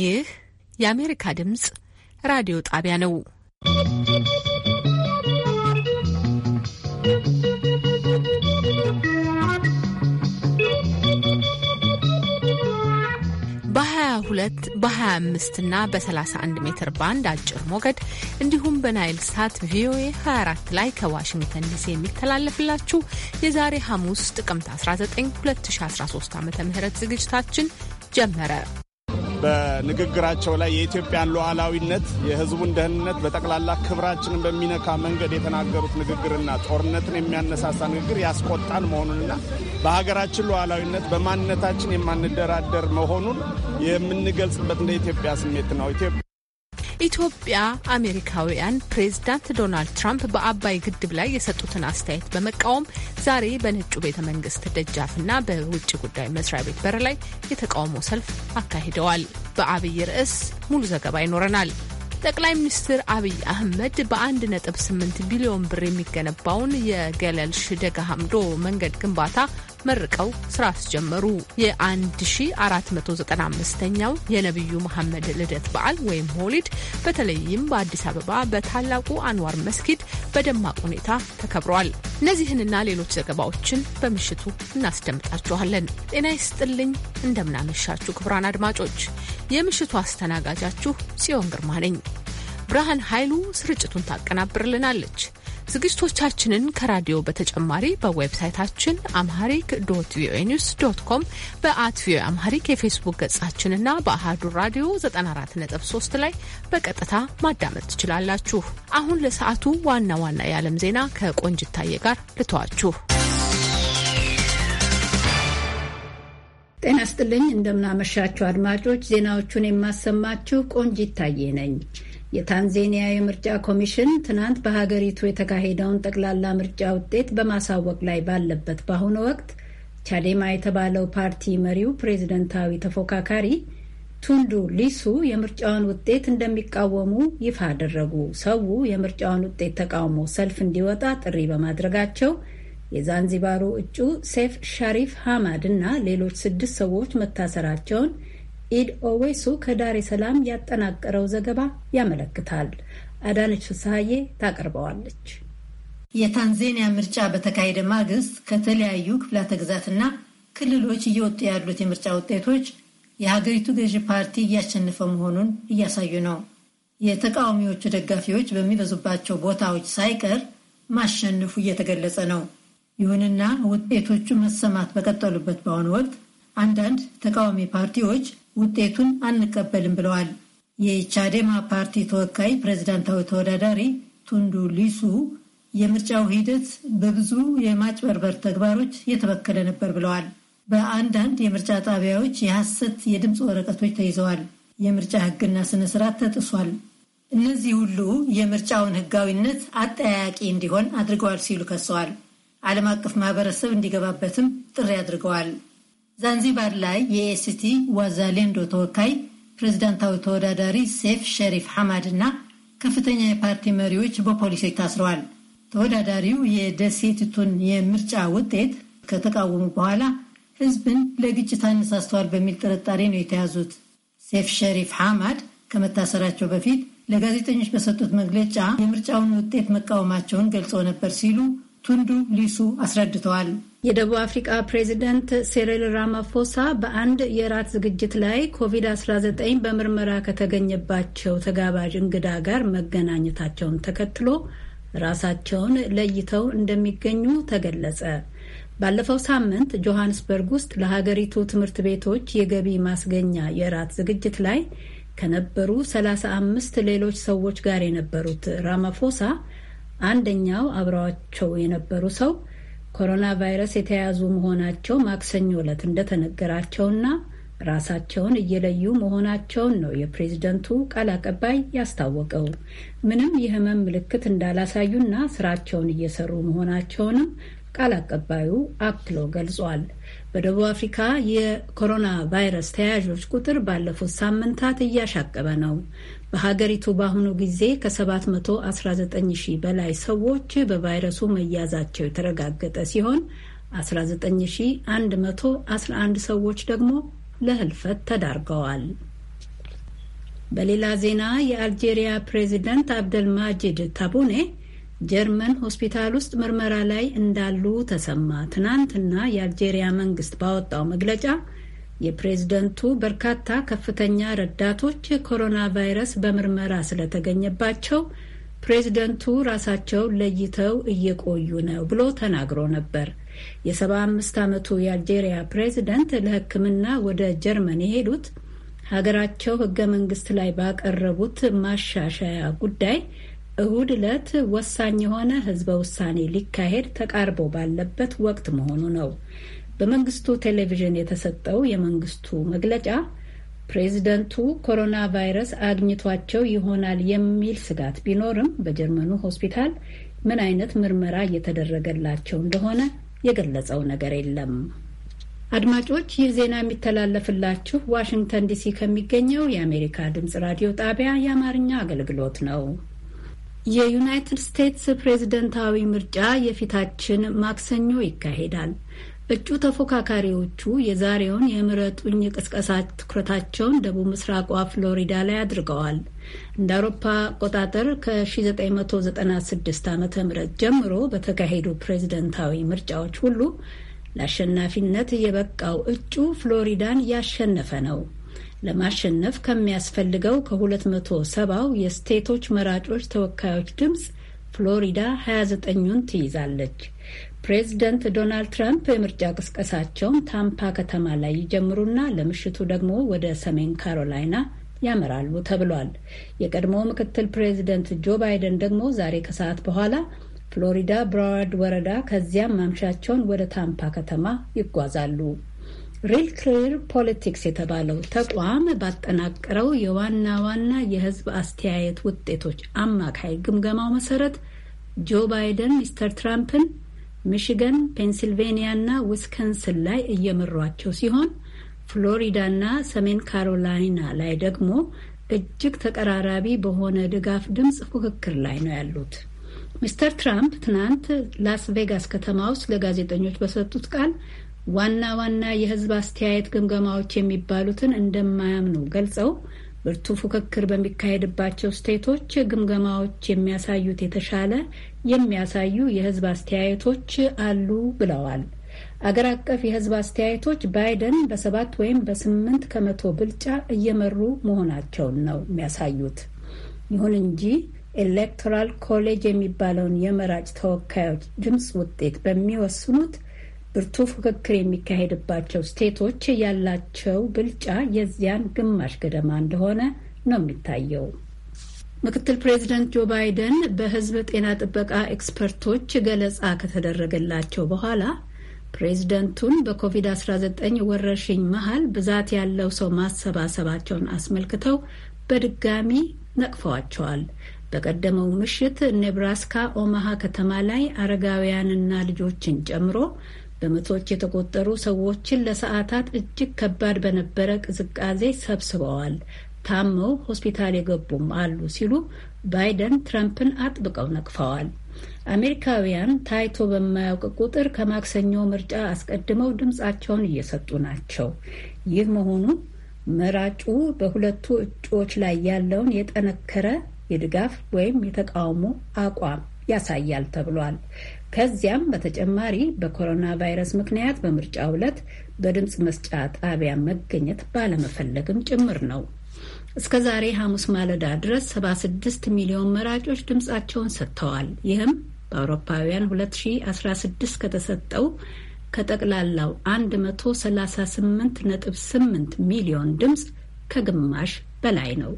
ይህ የአሜሪካ ድምጽ ራዲዮ ጣቢያ ነው። በ22 በ25 እና በ31 ሜትር ባንድ አጭር ሞገድ እንዲሁም በናይል ሳት ቪኦኤ 24 ላይ ከዋሽንግተን ዲሲ የሚተላለፍላችሁ የዛሬ ሐሙስ ጥቅምት 19 2013 ዓ ም ዝግጅታችን ጀመረ። በንግግራቸው ላይ የኢትዮጵያን ሉዓላዊነት፣ የህዝቡን ደህንነት፣ በጠቅላላ ክብራችንን በሚነካ መንገድ የተናገሩት ንግግርና ጦርነትን የሚያነሳሳ ንግግር ያስቆጣን መሆኑንና በሀገራችን ሉዓላዊነት በማንነታችን የማንደራደር መሆኑን የምንገልጽበት እንደ ኢትዮጵያ ስሜት ነው። ኢትዮጵያ አሜሪካውያን ፕሬዝዳንት ዶናልድ ትራምፕ በአባይ ግድብ ላይ የሰጡትን አስተያየት በመቃወም ዛሬ በነጩ ቤተ መንግስት ደጃፍና በውጭ ጉዳይ መስሪያ ቤት በር ላይ የተቃውሞ ሰልፍ አካሂደዋል። በአብይ ርዕስ ሙሉ ዘገባ ይኖረናል። ጠቅላይ ሚኒስትር አብይ አህመድ በ1.8 ቢሊዮን ብር የሚገነባውን የገለልሽ ደጋ ሀምዶ መንገድ ግንባታ መርቀው ስራ አስጀመሩ። የ1495ኛው የነቢዩ መሐመድ ልደት በዓል ወይም ሆሊድ በተለይም በአዲስ አበባ በታላቁ አንዋር መስጊድ በደማቅ ሁኔታ ተከብሯል። እነዚህንና ሌሎች ዘገባዎችን በምሽቱ እናስደምጣችኋለን። ጤና ይስጥልኝ፣ እንደምናመሻችሁ ክቡራን አድማጮች፣ የምሽቱ አስተናጋጃችሁ ጽዮን ግርማ ነኝ። ብርሃን ኃይሉ ስርጭቱን ታቀናብርልናለች። ዝግጅቶቻችንን ከራዲዮ በተጨማሪ በዌብሳይታችን አምሃሪክ ዶት ቪኦኤ ኒውስ ዶት ኮም በአት ቪኦኤ አምሃሪክ የፌስቡክ ገጻችንና በአህዱ ራዲዮ 943 ላይ በቀጥታ ማዳመጥ ትችላላችሁ። አሁን ለሰዓቱ ዋና ዋና የዓለም ዜና ከቆንጅታዬ ጋር ልተዋችሁ። ጤና ስጥልኝ፣ እንደምናመሻችሁ አድማጮች። ዜናዎቹን የማሰማችሁ ይታየ ነኝ። የታንዜኒያ የምርጫ ኮሚሽን ትናንት በሀገሪቱ የተካሄደውን ጠቅላላ ምርጫ ውጤት በማሳወቅ ላይ ባለበት በአሁኑ ወቅት ቻዴማ የተባለው ፓርቲ መሪው ፕሬዝደንታዊ ተፎካካሪ ቱንዱ ሊሱ የምርጫውን ውጤት እንደሚቃወሙ ይፋ አደረጉ። ሰው የምርጫውን ውጤት ተቃውሞ ሰልፍ እንዲወጣ ጥሪ በማድረጋቸው የዛንዚባሩ እጩ ሴፍ ሻሪፍ ሀማድ እና ሌሎች ስድስት ሰዎች መታሰራቸውን ኢድ ኦዌሱ ከዳሬ ሰላም ያጠናቀረው ዘገባ ያመለክታል። አዳነች ፍስሐዬ ታቀርበዋለች። የታንዜኒያ ምርጫ በተካሄደ ማግስት ከተለያዩ ክፍላተ ግዛትና ክልሎች እየወጡ ያሉት የምርጫ ውጤቶች የሀገሪቱ ገዢ ፓርቲ እያሸነፈ መሆኑን እያሳዩ ነው። የተቃዋሚዎቹ ደጋፊዎች በሚበዙባቸው ቦታዎች ሳይቀር ማሸነፉ እየተገለጸ ነው። ይሁንና ውጤቶቹ መሰማት በቀጠሉበት በአሁኑ ወቅት አንዳንድ ተቃዋሚ ፓርቲዎች ውጤቱን አንቀበልም ብለዋል። የቻዴማ ፓርቲ ተወካይ ፕሬዚዳንታዊ ተወዳዳሪ ቱንዱ ሊሱ የምርጫው ሂደት በብዙ የማጭበርበር ተግባሮች የተበከለ ነበር ብለዋል። በአንዳንድ የምርጫ ጣቢያዎች የሐሰት የድምፅ ወረቀቶች ተይዘዋል። የምርጫ ሕግና ስነ ስርዓት ተጥሷል። እነዚህ ሁሉ የምርጫውን ሕጋዊነት አጠያያቂ እንዲሆን አድርገዋል ሲሉ ከሰዋል። ዓለም አቀፍ ማህበረሰብ እንዲገባበትም ጥሪ አድርገዋል። ዛንዚባር ላይ የኤስቲ ዋዛሌንዶ ተወካይ ፕሬዚዳንታዊ ተወዳዳሪ ሴፍ ሸሪፍ ሐማድ እና ከፍተኛ የፓርቲ መሪዎች በፖሊሶች ታስረዋል። ተወዳዳሪው የደሴቲቱን የምርጫ ውጤት ከተቃወሙ በኋላ ህዝብን ለግጭት አነሳስተዋል በሚል ጥርጣሬ ነው የተያዙት። ሴፍ ሸሪፍ ሐማድ ከመታሰራቸው በፊት ለጋዜጠኞች በሰጡት መግለጫ የምርጫውን ውጤት መቃወማቸውን ገልጸው ነበር ሲሉ ቱንዱ ሊሱ አስረድተዋል። የደቡብ አፍሪካ ፕሬዚደንት ሴሪል ራማፎሳ በአንድ የራት ዝግጅት ላይ ኮቪድ-19 በምርመራ ከተገኘባቸው ተጋባዥ እንግዳ ጋር መገናኘታቸውን ተከትሎ ራሳቸውን ለይተው እንደሚገኙ ተገለጸ። ባለፈው ሳምንት ጆሃንስበርግ ውስጥ ለሀገሪቱ ትምህርት ቤቶች የገቢ ማስገኛ የራት ዝግጅት ላይ ከነበሩ 35 ሌሎች ሰዎች ጋር የነበሩት ራማፎሳ አንደኛው አብረዋቸው የነበሩ ሰው ኮሮና ቫይረስ የተያዙ መሆናቸው ማክሰኞ ዕለት እንደተነገራቸውና ራሳቸውን እየለዩ መሆናቸውን ነው የፕሬዝደንቱ ቃል አቀባይ ያስታወቀው። ምንም የህመም ምልክት እንዳላሳዩና ስራቸውን እየሰሩ መሆናቸውንም ቃል አቀባዩ አክሎ ገልጿል። በደቡብ አፍሪካ የኮሮና ቫይረስ ተያያዦች ቁጥር ባለፉት ሳምንታት እያሻቀበ ነው። በሀገሪቱ በአሁኑ ጊዜ ከ719 ሺህ በላይ ሰዎች በቫይረሱ መያዛቸው የተረጋገጠ ሲሆን 19111 ሰዎች ደግሞ ለህልፈት ተዳርገዋል። በሌላ ዜና የአልጄሪያ ፕሬዚደንት አብደልማጂድ ታቡኔ ጀርመን ሆስፒታል ውስጥ ምርመራ ላይ እንዳሉ ተሰማ። ትናንትና የአልጄሪያ መንግስት ባወጣው መግለጫ የፕሬዝደንቱ በርካታ ከፍተኛ ረዳቶች ኮሮና ቫይረስ በምርመራ ስለተገኘባቸው ፕሬዝደንቱ ራሳቸው ለይተው እየቆዩ ነው ብሎ ተናግሮ ነበር። የሰባ አምስት ዓመቱ የአልጄሪያ ፕሬዝደንት ለሕክምና ወደ ጀርመን የሄዱት ሀገራቸው ህገ መንግስት ላይ ባቀረቡት ማሻሻያ ጉዳይ እሁድ ዕለት ወሳኝ የሆነ ህዝበ ውሳኔ ሊካሄድ ተቃርቦ ባለበት ወቅት መሆኑ ነው። በመንግስቱ ቴሌቪዥን የተሰጠው የመንግስቱ መግለጫ ፕሬዚደንቱ ኮሮና ቫይረስ አግኝቷቸው ይሆናል የሚል ስጋት ቢኖርም በጀርመኑ ሆስፒታል ምን አይነት ምርመራ እየተደረገላቸው እንደሆነ የገለጸው ነገር የለም። አድማጮች፣ ይህ ዜና የሚተላለፍላችሁ ዋሽንግተን ዲሲ ከሚገኘው የአሜሪካ ድምጽ ራዲዮ ጣቢያ የአማርኛ አገልግሎት ነው። የዩናይትድ ስቴትስ ፕሬዝደንታዊ ምርጫ የፊታችን ማክሰኞ ይካሄዳል። እጩ ተፎካካሪዎቹ የዛሬውን የምረጡኝ ቅስቀሳ ትኩረታቸውን ደቡብ ምስራቋ ፍሎሪዳ ላይ አድርገዋል። እንደ አውሮፓ አቆጣጠር ከ1996 ዓ ም ጀምሮ በተካሄዱ ፕሬዝደንታዊ ምርጫዎች ሁሉ ለአሸናፊነት የበቃው እጩ ፍሎሪዳን ያሸነፈ ነው። ለማሸነፍ ከሚያስፈልገው ከ270ው የስቴቶች መራጮች ተወካዮች ድምፅ ፍሎሪዳ 29ኙን ትይዛለች። ፕሬዚደንት ዶናልድ ትራምፕ የምርጫ ቅስቀሳቸውን ታምፓ ከተማ ላይ ይጀምሩና ለምሽቱ ደግሞ ወደ ሰሜን ካሮላይና ያመራሉ ተብሏል። የቀድሞ ምክትል ፕሬዚደንት ጆ ባይደን ደግሞ ዛሬ ከሰዓት በኋላ ፍሎሪዳ ብራድ ወረዳ ከዚያም ማምሻቸውን ወደ ታምፓ ከተማ ይጓዛሉ። ሪል ክሊር ፖለቲክስ የተባለው ተቋም ባጠናቀረው የዋና ዋና የህዝብ አስተያየት ውጤቶች አማካይ ግምገማው መሰረት ጆ ባይደን ሚስተር ትራምፕን ሚሽገን፣ ፔንሲልቬኒያ እና ዊስከንስን ላይ እየመሯቸው ሲሆን ፍሎሪዳና ሰሜን ካሮላይና ላይ ደግሞ እጅግ ተቀራራቢ በሆነ ድጋፍ ድምፅ ፉክክር ላይ ነው ያሉት። ሚስተር ትራምፕ ትናንት ላስ ቬጋስ ከተማ ውስጥ ለጋዜጠኞች በሰጡት ቃል ዋና ዋና የህዝብ አስተያየት ግምገማዎች የሚባሉትን እንደማያምኑ ገልጸው ብርቱ ፉክክር በሚካሄድባቸው ስቴቶች ግምገማዎች የሚያሳዩት የተሻለ የሚያሳዩ የህዝብ አስተያየቶች አሉ ብለዋል። አገር አቀፍ የህዝብ አስተያየቶች ባይደን በሰባት ወይም በስምንት ከመቶ ብልጫ እየመሩ መሆናቸውን ነው የሚያሳዩት። ይሁን እንጂ ኤሌክቶራል ኮሌጅ የሚባለውን የመራጭ ተወካዮች ድምፅ ውጤት በሚወስኑት ብርቱ ፉክክር የሚካሄድባቸው ስቴቶች ያላቸው ብልጫ የዚያን ግማሽ ገደማ እንደሆነ ነው የሚታየው። ምክትል ፕሬዚደንት ጆ ባይደን በሕዝብ ጤና ጥበቃ ኤክስፐርቶች ገለጻ ከተደረገላቸው በኋላ ፕሬዚደንቱን በኮቪድ-19 ወረርሽኝ መሀል ብዛት ያለው ሰው ማሰባሰባቸውን አስመልክተው በድጋሚ ነቅፈዋቸዋል። በቀደመው ምሽት ኔብራስካ ኦማሃ ከተማ ላይ አረጋውያንና ልጆችን ጨምሮ በመቶዎች የተቆጠሩ ሰዎችን ለሰዓታት እጅግ ከባድ በነበረ ቅዝቃዜ ሰብስበዋል። ታመው ሆስፒታል የገቡም አሉ ሲሉ ባይደን ትራምፕን አጥብቀው ነቅፈዋል። አሜሪካውያን ታይቶ በማያውቅ ቁጥር ከማክሰኞ ምርጫ አስቀድመው ድምፃቸውን እየሰጡ ናቸው። ይህ መሆኑ መራጩ በሁለቱ እጩዎች ላይ ያለውን የጠነከረ የድጋፍ ወይም የተቃውሞ አቋም ያሳያል ተብሏል። ከዚያም በተጨማሪ በኮሮና ቫይረስ ምክንያት በምርጫ ዕለት በድምፅ መስጫ ጣቢያ መገኘት ባለመፈለግም ጭምር ነው። እስከ ዛሬ ሐሙስ ማለዳ ድረስ 76 ሚሊዮን መራጮች ድምፃቸውን ሰጥተዋል። ይህም በአውሮፓውያን 2016 ከተሰጠው ከጠቅላላው 138.8 ሚሊዮን ድምፅ ከግማሽ በላይ ነው።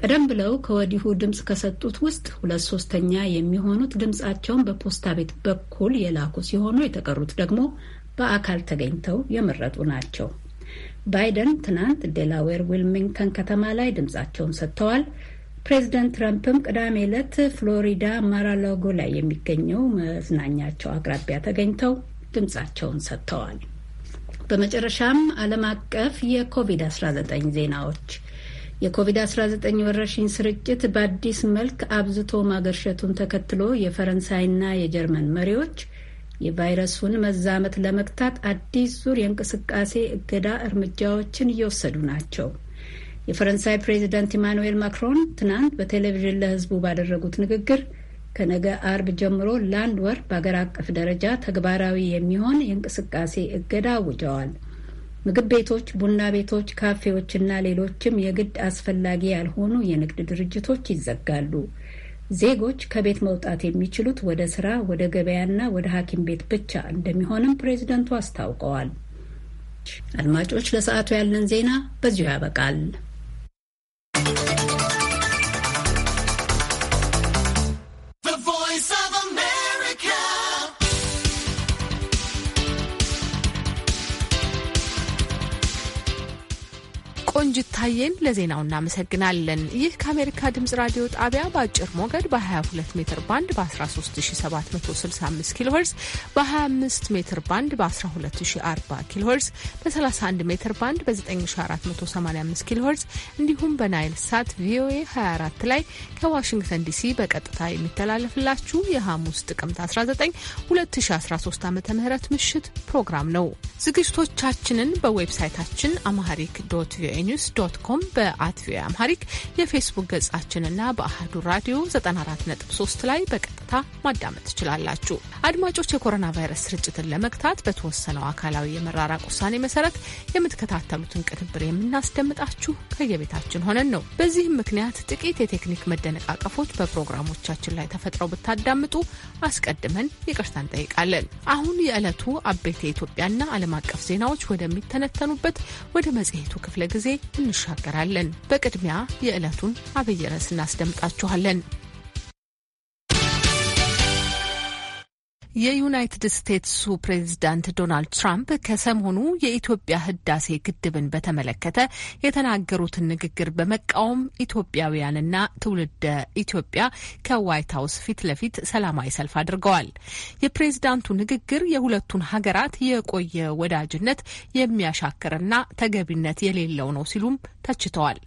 ቀደም ብለው ከወዲሁ ድምፅ ከሰጡት ውስጥ ሁለት ሶስተኛ የሚሆኑት ድምፃቸውን በፖስታ ቤት በኩል የላኩ ሲሆኑ የተቀሩት ደግሞ በአካል ተገኝተው የመረጡ ናቸው። ባይደን ትናንት ዴላዌር ዊልሚንግተን ከተማ ላይ ድምፃቸውን ሰጥተዋል። ፕሬዚደንት ትራምፕም ቅዳሜ ዕለት ፍሎሪዳ ማራላጎ ላይ የሚገኘው መዝናኛቸው አቅራቢያ ተገኝተው ድምፃቸውን ሰጥተዋል። በመጨረሻም ዓለም አቀፍ የኮቪድ-19 ዜናዎች የኮቪድ-19 ወረርሽኝ ስርጭት በአዲስ መልክ አብዝቶ ማገርሸቱን ተከትሎ የፈረንሳይና የጀርመን መሪዎች የቫይረሱን መዛመት ለመግታት አዲስ ዙር የእንቅስቃሴ እገዳ እርምጃዎችን እየወሰዱ ናቸው። የፈረንሳይ ፕሬዚዳንት ኢማኑኤል ማክሮን ትናንት በቴሌቪዥን ለሕዝቡ ባደረጉት ንግግር ከነገ አርብ ጀምሮ ለአንድ ወር በአገር አቀፍ ደረጃ ተግባራዊ የሚሆን የእንቅስቃሴ እገዳ አውጀዋል። ምግብ ቤቶች፣ ቡና ቤቶች፣ ካፌዎችና ሌሎችም የግድ አስፈላጊ ያልሆኑ የንግድ ድርጅቶች ይዘጋሉ። ዜጎች ከቤት መውጣት የሚችሉት ወደ ስራ፣ ወደ ገበያና ወደ ሐኪም ቤት ብቻ እንደሚሆንም ፕሬዚደንቱ አስታውቀዋል። አድማጮች፣ ለሰዓቱ ያለን ዜና በዚሁ ያበቃል። ቆንጅት ታየን ለዜናው እናመሰግናለን። ይህ ከአሜሪካ ድምጽ ራዲዮ ጣቢያ በአጭር ሞገድ በ22 ሜትር ባንድ በ13765 ኪሎ ሄርዝ፣ በ25 ሜትር ባንድ በ1240 ኪሎ ሄርዝ፣ በ31 ሜትር ባንድ በ9485 ኪሎ ሄርዝ እንዲሁም በናይል ሳት ቪኦኤ 24 ላይ ከዋሽንግተን ዲሲ በቀጥታ የሚተላለፍላችሁ የሐሙስ ጥቅምት 19 2013 ዓ ም ምሽት ፕሮግራም ነው። ዝግጅቶቻችንን በዌብሳይታችን አማሪክ ዶት ቪኦኤ ኒውስ ዶት ኮም በአት ቪኦኤ አምሃሪክ የፌስቡክ ገጻችንና በአህዱ ራዲዮ 94.3 ላይ በቀጥታ ማዳመጥ ትችላላችሁ። አድማጮች፣ የኮሮና ቫይረስ ስርጭትን ለመግታት በተወሰነው አካላዊ የመራራቅ ውሳኔ መሰረት የምትከታተሉትን ቅንብር የምናስደምጣችሁ ከየቤታችን ሆነን ነው። በዚህም ምክንያት ጥቂት የቴክኒክ መደነቃቀፎች በፕሮግራሞቻችን ላይ ተፈጥረው ብታዳምጡ አስቀድመን ይቅርታ እንጠይቃለን። አሁን የዕለቱ አበይት የኢትዮጵያና ዓለም አቀፍ ዜናዎች ወደሚተነተኑበት ወደ መጽሔቱ ክፍለ ጊዜ እንሻገራለን። በቅድሚያ የዕለቱን አብይ ርዕስ እናስደምጣችኋለን። የዩናይትድ ስቴትሱ ፕሬዚዳንት ዶናልድ ትራምፕ ከሰሞኑ የኢትዮጵያ ህዳሴ ግድብን በተመለከተ የተናገሩትን ንግግር በመቃወም ኢትዮጵያውያንና ትውልደ ኢትዮጵያ ከዋይት ሀውስ ፊት ለፊት ሰላማዊ ሰልፍ አድርገዋል። የፕሬዚዳንቱ ንግግር የሁለቱን ሀገራት የቆየ ወዳጅነት የሚያሻክርና ተገቢነት የሌለው ነው ሲሉም ተችተዋል።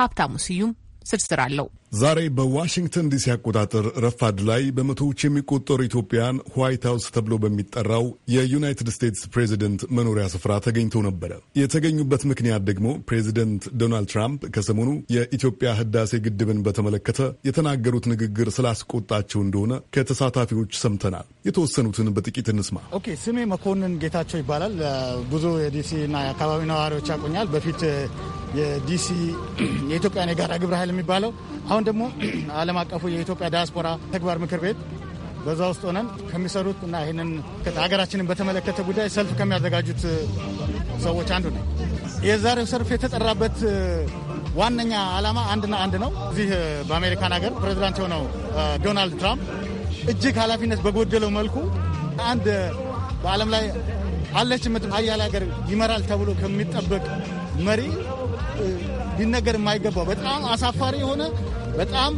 ሀብታሙ ስዩም ዝርዝር አለው። ዛሬ በዋሽንግተን ዲሲ አቆጣጠር ረፋድ ላይ በመቶዎች የሚቆጠሩ ኢትዮጵያን ዋይት ሀውስ ተብሎ በሚጠራው የዩናይትድ ስቴትስ ፕሬዚደንት መኖሪያ ስፍራ ተገኝተው ነበረ። የተገኙበት ምክንያት ደግሞ ፕሬዚደንት ዶናልድ ትራምፕ ከሰሞኑ የኢትዮጵያ ህዳሴ ግድብን በተመለከተ የተናገሩት ንግግር ስላስቆጣቸው እንደሆነ ከተሳታፊዎች ሰምተናል። የተወሰኑትን በጥቂት እንስማ። ኦኬ፣ ስሜ መኮንን ጌታቸው ይባላል። ብዙ የዲሲና የአካባቢ ነዋሪዎች ያቆኛል። በፊት የዲሲ የኢትዮጵያን የጋራ ግብረ ኃይል የሚባለው አሁን አሁን ደግሞ ዓለም አቀፉ የኢትዮጵያ ዲያስፖራ ተግባር ምክር ቤት በዛ ውስጥ ሆነን ከሚሰሩት እና ይህንን ሀገራችንን በተመለከተ ጉዳይ ሰልፍ ከሚያዘጋጁት ሰዎች አንዱ ነው። የዛሬው ሰልፍ የተጠራበት ዋነኛ ዓላማ አንድና አንድ ነው። እዚህ በአሜሪካን ሀገር ፕሬዚዳንት የሆነው ዶናልድ ትራምፕ እጅግ ኃላፊነት በጎደለው መልኩ አንድ በዓለም ላይ አለች ምት አያሌ ሀገር ይመራል ተብሎ ከሚጠበቅ መሪ ሊነገር የማይገባው በጣም አሳፋሪ የሆነ በጣም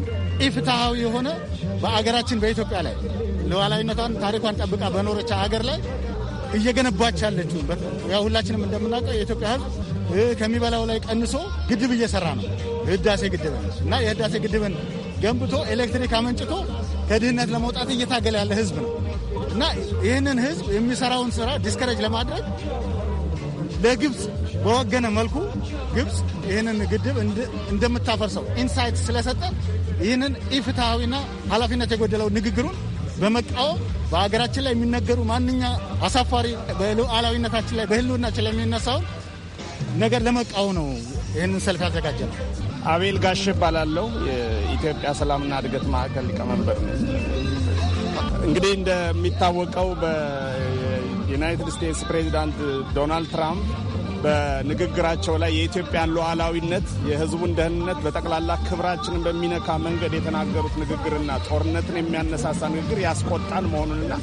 ኢፍትሐዊ የሆነ በአገራችን በኢትዮጵያ ላይ ሉዓላዊነቷን ታሪኳን ጠብቃ በኖረች አገር ላይ እየገነባች ያለችው ያው ሁላችንም እንደምናውቀው የኢትዮጵያ ሕዝብ ከሚበላው ላይ ቀንሶ ግድብ እየሰራ ነው። ህዳሴ ግድብን እና የህዳሴ ግድብን ገንብቶ ኤሌክትሪክ አመንጭቶ ከድህነት ለመውጣት እየታገለ ያለ ሕዝብ ነው እና ይህንን ሕዝብ የሚሰራውን ስራ ዲስከረጅ ለማድረግ ለግብፅ በወገነ መልኩ ግብፅ ይህንን ግድብ እንደምታፈርሰው ኢንሳይት ስለሰጠ ይህንን ኢፍትሐዊና ኃላፊነት የጎደለው ንግግሩን በመቃወም በሀገራችን ላይ የሚነገሩ ማንኛ አሳፋሪ በሉዓላዊነታችን ላይ በህልውናችን ላይ የሚነሳውን ነገር ለመቃወም ነው ይህንን ሰልፍ ያዘጋጀ ነው። አቤል ጋሽ እባላለሁ። የኢትዮጵያ ሰላምና እድገት ማዕከል ሊቀመንበር ነው። እንግዲህ እንደሚታወቀው በዩናይትድ ስቴትስ ፕሬዚዳንት ዶናልድ ትራምፕ በንግግራቸው ላይ የኢትዮጵያን ሉዓላዊነት፣ የህዝቡን ደህንነት፣ በጠቅላላ ክብራችንን በሚነካ መንገድ የተናገሩት ንግግርና ጦርነትን የሚያነሳሳ ንግግር ያስቆጣን መሆኑንና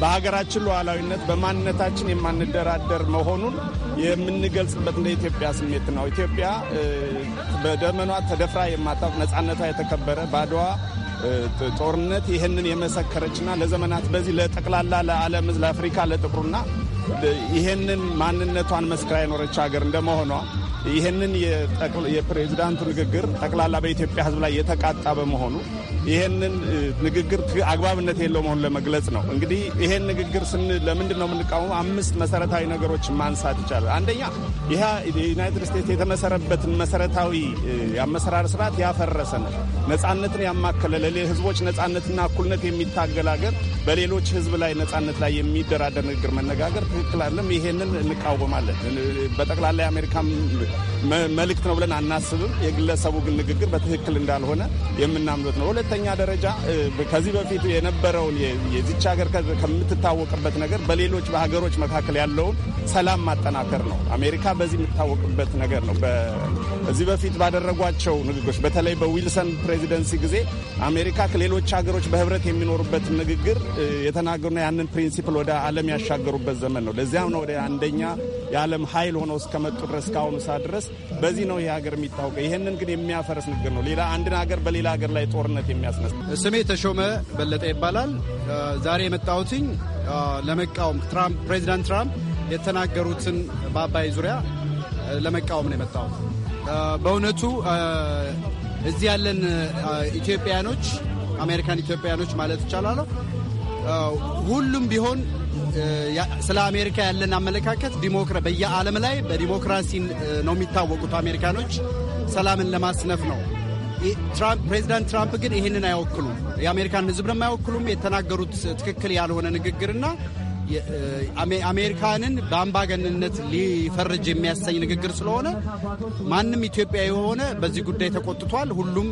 በሀገራችን ሉዓላዊነት በማንነታችን የማንደራደር መሆኑን የምንገልጽበት እንደ ኢትዮጵያ ስሜት ነው። ኢትዮጵያ በደመኗ ተደፍራ የማታውቅ ነፃነቷ የተከበረ ባድዋ ጦርነት ይህንን የመሰከረችና ለዘመናት በዚህ ለጠቅላላ ለዓለም ለአፍሪካ ለጥቁሩና ይሄንን ማንነቷን መስክራ የኖረች ሀገር እንደመሆኗ ይህንን የፕሬዚዳንቱ ንግግር ጠቅላላ በኢትዮጵያ ሕዝብ ላይ የተቃጣ በመሆኑ ይህንን ንግግር አግባብነት የለው መሆኑ ለመግለጽ ነው። እንግዲህ ይህን ንግግር ለምንድን ነው የምንቃወመው? አምስት መሰረታዊ ነገሮች ማንሳት ይቻላል። አንደኛ ይህ የዩናይትድ ስቴትስ የተመሰረበትን መሰረታዊ የአመሰራር ስርዓት ያፈረሰ ነው። ነጻነትን ያማከለ ለህዝቦች ነጻነትና እኩልነት የሚታገል ሀገር በሌሎች ህዝብ ላይ ነጻነት ላይ የሚደራደር ንግግር መነጋገር ትክክል አለም። ይሄንን እንቃወማለን። በጠቅላላ የአሜሪካም መልእክት ነው ብለን አናስብም። የግለሰቡ ግን ንግግር በትክክል እንዳልሆነ የምናምኑት ነው። ሁለተኛ ደረጃ ከዚህ በፊት የነበረውን የዚች ሀገር ከምትታወቅበት ነገር በሌሎች በሀገሮች መካከል ያለውን ሰላም ማጠናከር ነው። አሜሪካ በዚህ የምትታወቅበት ነገር ነው። ከዚህ በፊት ባደረጓቸው ንግግሮች በተለይ በዊልሰን ፕሬዚደንሲ ጊዜ አሜሪካ ከሌሎች ሀገሮች በህብረት የሚኖሩበት ንግግር የተናገሩና ያንን ፕሪንሲፕል ወደ ዓለም ያሻገሩበት ዘመን ነው። ለዚያም ነው ወደ አንደኛ የዓለም ኃይል ሆነው እስከመጡ ድረስ ከአሁኑ ሰዓት ድረስ በዚህ ነው ይህ ሀገር የሚታወቀው። ይህንን ግን የሚያፈርስ ንግግር ነው። ሌላ አንድን ሀገር በሌላ ሀገር ላይ ጦርነት የሚያስነስ። ስሜ ተሾመ በለጠ ይባላል። ዛሬ የመጣሁትኝ ለመቃወም ትራምፕ ፕሬዚዳንት ትራምፕ የተናገሩትን በአባይ ዙሪያ ለመቃወም ነው የመጣሁት። በእውነቱ እዚህ ያለን ኢትዮጵያኖች አሜሪካን ኢትዮጵያኖች ማለት ይቻላለሁ ሁሉም ቢሆን ስለ አሜሪካ ያለን አመለካከት በየዓለም ላይ በዲሞክራሲ ነው የሚታወቁት አሜሪካኖች ሰላምን ለማስነፍ ነው። ፕሬዚዳንት ትራምፕ ግን ይህንን አይወክሉም። የአሜሪካን ሕዝብንም አይወክሉም። የተናገሩት ትክክል ያልሆነ ንግግርና አሜሪካንን በአምባገንነት ሊፈርጅ የሚያሰኝ ንግግር ስለሆነ ማንም ኢትዮጵያ የሆነ በዚህ ጉዳይ ተቆጥቷል። ሁሉም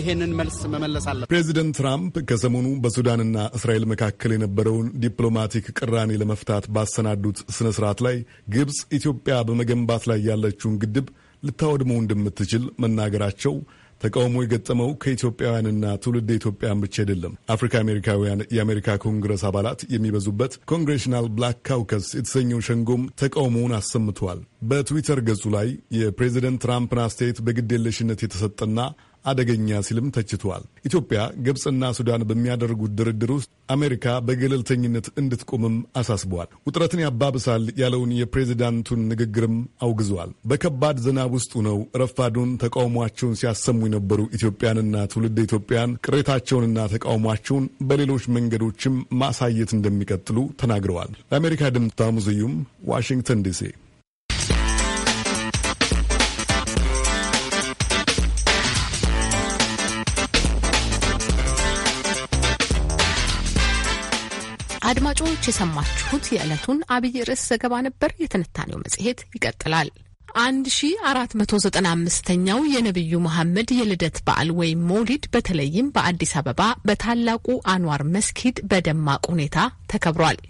ይሄንን መልስ መመለስ አለ። ፕሬዚደንት ትራምፕ ከሰሞኑ በሱዳንና እስራኤል መካከል የነበረውን ዲፕሎማቲክ ቅራኔ ለመፍታት ባሰናዱት ስነ ስርዓት ላይ ግብፅ ኢትዮጵያ በመገንባት ላይ ያለችውን ግድብ ልታወድመው እንደምትችል መናገራቸው ተቃውሞ የገጠመው ከኢትዮጵያውያንና ትውልድ ኢትዮጵያን ብቻ አይደለም። አፍሪካ አሜሪካውያን የአሜሪካ ኮንግረስ አባላት የሚበዙበት ኮንግሬሽናል ብላክ ካውከስ የተሰኘው ሸንጎም ተቃውሞውን አሰምተዋል። በትዊተር ገጹ ላይ የፕሬዚደንት ትራምፕን አስተያየት በግድ የለሽነት የተሰጠና አደገኛ ሲልም ተችቷል። ኢትዮጵያ፣ ግብፅና ሱዳን በሚያደርጉት ድርድር ውስጥ አሜሪካ በገለልተኝነት እንድትቆምም አሳስቧል። ውጥረትን ያባብሳል ያለውን የፕሬዚዳንቱን ንግግርም አውግዟል። በከባድ ዝናብ ውስጥ ነው ረፋዱን ተቃውሟቸውን ሲያሰሙ የነበሩ ኢትዮጵያንና ትውልድ ኢትዮጵያን ቅሬታቸውንና ተቃውሟቸውን በሌሎች መንገዶችም ማሳየት እንደሚቀጥሉ ተናግረዋል። ለአሜሪካ ድምፅ ታሙዝዩም ዋሽንግተን ዲሲ አድማጮች የሰማችሁት የዕለቱን አብይ ርዕስ ዘገባ ነበር። የትንታኔው መጽሔት ይቀጥላል። 1495ኛው የነቢዩ መሐመድ የልደት በዓል ወይም ሞሊድ በተለይም በአዲስ አበባ በታላቁ አንዋር መስጊድ በደማቅ ሁኔታ ተከብሯል።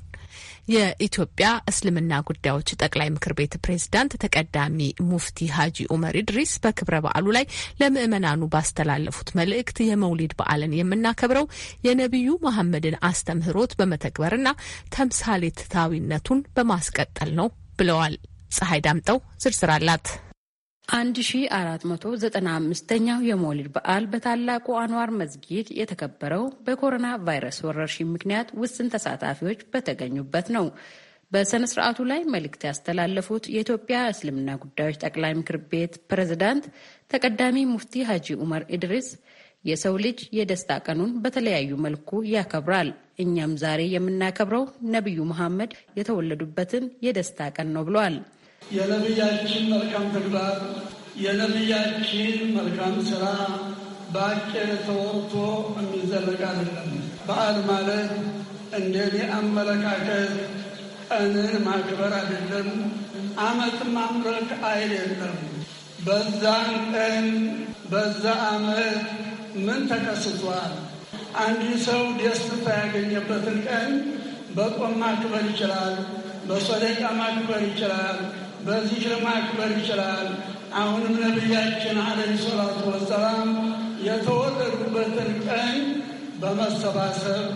የኢትዮጵያ እስልምና ጉዳዮች ጠቅላይ ምክር ቤት ፕሬዝዳንት ተቀዳሚ ሙፍቲ ሀጂ ኡመር ኢድሪስ በክብረ በዓሉ ላይ ለምዕመናኑ ባስተላለፉት መልእክት የመውሊድ በዓልን የምናከብረው የነቢዩ መሐመድን አስተምህሮት በመተግበርና ተምሳሌታዊነቱን በማስቀጠል ነው ብለዋል። ፀሐይ ዳምጠው ዝርዝር አላት። 1495ኛው የመውሊድ በዓል በታላቁ አንዋር መዝጊድ የተከበረው በኮሮና ቫይረስ ወረርሽኝ ምክንያት ውስን ተሳታፊዎች በተገኙበት ነው። በሰነ ሥርዓቱ ላይ መልእክት ያስተላለፉት የኢትዮጵያ እስልምና ጉዳዮች ጠቅላይ ምክር ቤት ፕሬዝዳንት ተቀዳሚ ሙፍቲ ሀጂ ኡመር ኢድሪስ የሰው ልጅ የደስታ ቀኑን በተለያዩ መልኩ ያከብራል። እኛም ዛሬ የምናከብረው ነቢዩ መሐመድ የተወለዱበትን የደስታ ቀን ነው ብለዋል። የነቢያችን መልካም ተግባር የነቢያችን መልካም ስራ በአጭር ተወርቶ የሚዘለቅ አይደለም። በዓል ማለት እንደኔ አመለካከት ቀንን ማክበር አይደለም፣ አመት ማምረክ አይደለም። በዛን ቀን በዛ አመት ምን ተከስቷል? አንድ ሰው ደስታ ያገኘበትን ቀን በቆም ማክበር ይችላል፣ በሰደቃ ማክበር ይችላል። በዚክር ማክበር ይችላል። አሁንም ነቢያችን አለህ ሰላቱ ወሰላም የተወለዱበትን ቀን በመሰባሰብ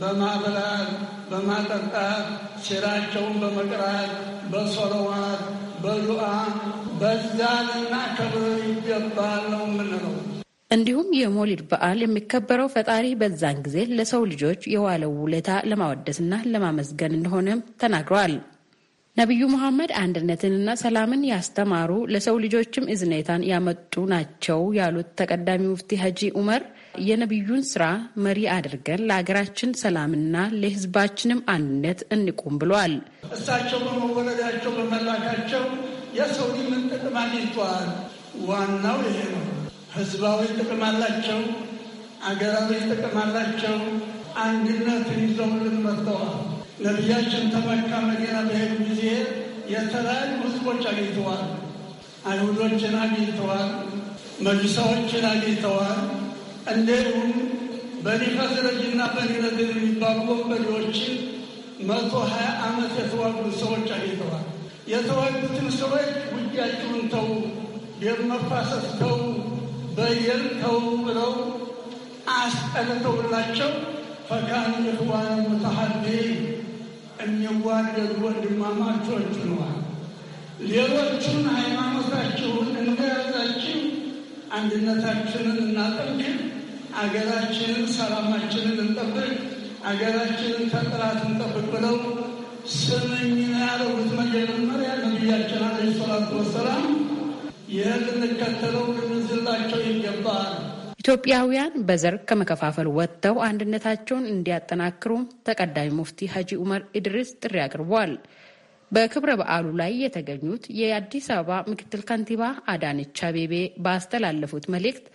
በማብላት በማጠጣት ሴራቸውን በመቅራት በሶለዋት፣ በዱዓ በዛ ልናከብር ይገባል ነው የምንለው። እንዲሁም የሞሊድ በዓል የሚከበረው ፈጣሪ በዛን ጊዜ ለሰው ልጆች የዋለው ውለታ ለማወደስና ለማመስገን እንደሆነም ተናግረዋል። ነቢዩ መሐመድ አንድነትንና ሰላምን ያስተማሩ ለሰው ልጆችም እዝኔታን ያመጡ ናቸው ያሉት ተቀዳሚ ሙፍቲ ሀጂ ኡመር የነቢዩን ስራ መሪ አድርገን ለሀገራችን ሰላምና ለሕዝባችንም አንድነት እንቁም ብሏል። እሳቸው በመወለዳቸው በመላካቸው የሰው ልጅ ምን ጥቅም አግኝተዋል? ዋናው ይሄ ነው። ህዝባዊ ጥቅም አላቸው፣ አገራዊ ጥቅም አላቸው። አንድነትን ይዘውልን መጥተዋል። ነቢያችን ተመካ መዲና በሄዱ ጊዜ የተለያዩ ህዝቦች አግኝተዋል። አይሁዶችን አግኝተዋል፣ መጁሳዎችን አግኝተዋል። እንዲሁም በኒ ፈዝረጅና በኒ ነድር የሚባሉ ወንበዴዎችን መቶ ሀያ ዓመት የተዋጉ ሰዎች አግኝተዋል። የተዋጉትን ሰዎች ውጊያችሁን ተዉ፣ ደም መፋሰስ ተው፣ በየል ተዉ ብለው አስጠልተውላቸው ፈካን ኢኽዋን ሙተሐዲን የሚዋደዱ ወንድማማቾች ነዋል። ሌሎቹን ሃይማኖታችሁን እንገያዛችሁ፣ አንድነታችንን እናጠንክር፣ አገራችንን ሰላማችንን እንጠብቅ፣ አገራችንን ከጥላት እንጠብቅ ብለው ስምኝ ያለሁት መጀመሪያ ነቢያችን አለ ሰላቱ ወሰላም ይህን ልንከተለው ልንዝላቸው ይገባል። ኢትዮጵያውያን በዘር ከመከፋፈል ወጥተው አንድነታቸውን እንዲያጠናክሩም ተቀዳሚ ሙፍቲ ሀጂ ኡመር ኢድሪስ ጥሪ አቅርበዋል። በክብረ በዓሉ ላይ የተገኙት የአዲስ አበባ ምክትል ከንቲባ አዳነች አቤቤ ባስተላለፉት መልእክት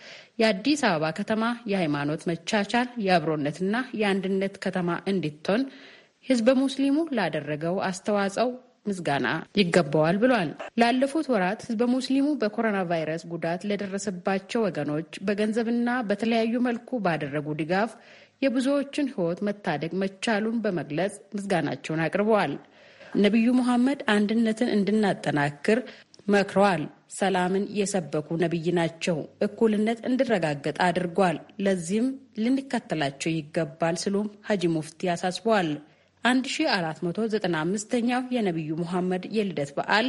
የአዲስ አበባ ከተማ የሃይማኖት መቻቻል የአብሮነትና የአንድነት ከተማ እንድትሆን ህዝበ ሙስሊሙ ላደረገው አስተዋጽኦ ምስጋና ይገባዋል ብሏል። ላለፉት ወራት ህዝበ ሙስሊሙ በኮሮና ቫይረስ ጉዳት ለደረሰባቸው ወገኖች በገንዘብና በተለያዩ መልኩ ባደረጉ ድጋፍ የብዙዎችን ህይወት መታደግ መቻሉን በመግለጽ ምስጋናቸውን አቅርበዋል። ነቢዩ መሐመድ አንድነትን እንድናጠናክር መክረዋል። ሰላምን የሰበኩ ነቢይ ናቸው። እኩልነት እንዲረጋገጥ አድርጓል። ለዚህም ልንከተላቸው ይገባል ሲሉም ሀጂ ሙፍቲ አሳስበዋል። 1495ኛው የነቢዩ ሙሐመድ የልደት በዓል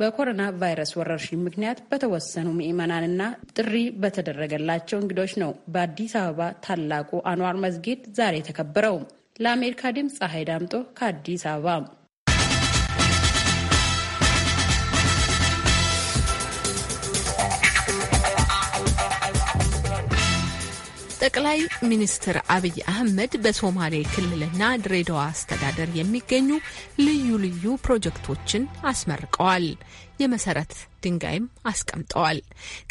በኮሮና ቫይረስ ወረርሽኝ ምክንያት በተወሰኑ ምዕመናንና ጥሪ በተደረገላቸው እንግዶች ነው በአዲስ አበባ ታላቁ አንዋር መስጊድ ዛሬ ተከበረው። ለአሜሪካ ድምፅ ፀሐይ ዳምጦ ከአዲስ አበባ ጠቅላይ ሚኒስትር አብይ አህመድ በሶማሌ ክልልና ድሬዳዋ አስተዳደር የሚገኙ ልዩ ልዩ ፕሮጀክቶችን አስመርቀዋል። የመሰረት ድንጋይም አስቀምጠዋል።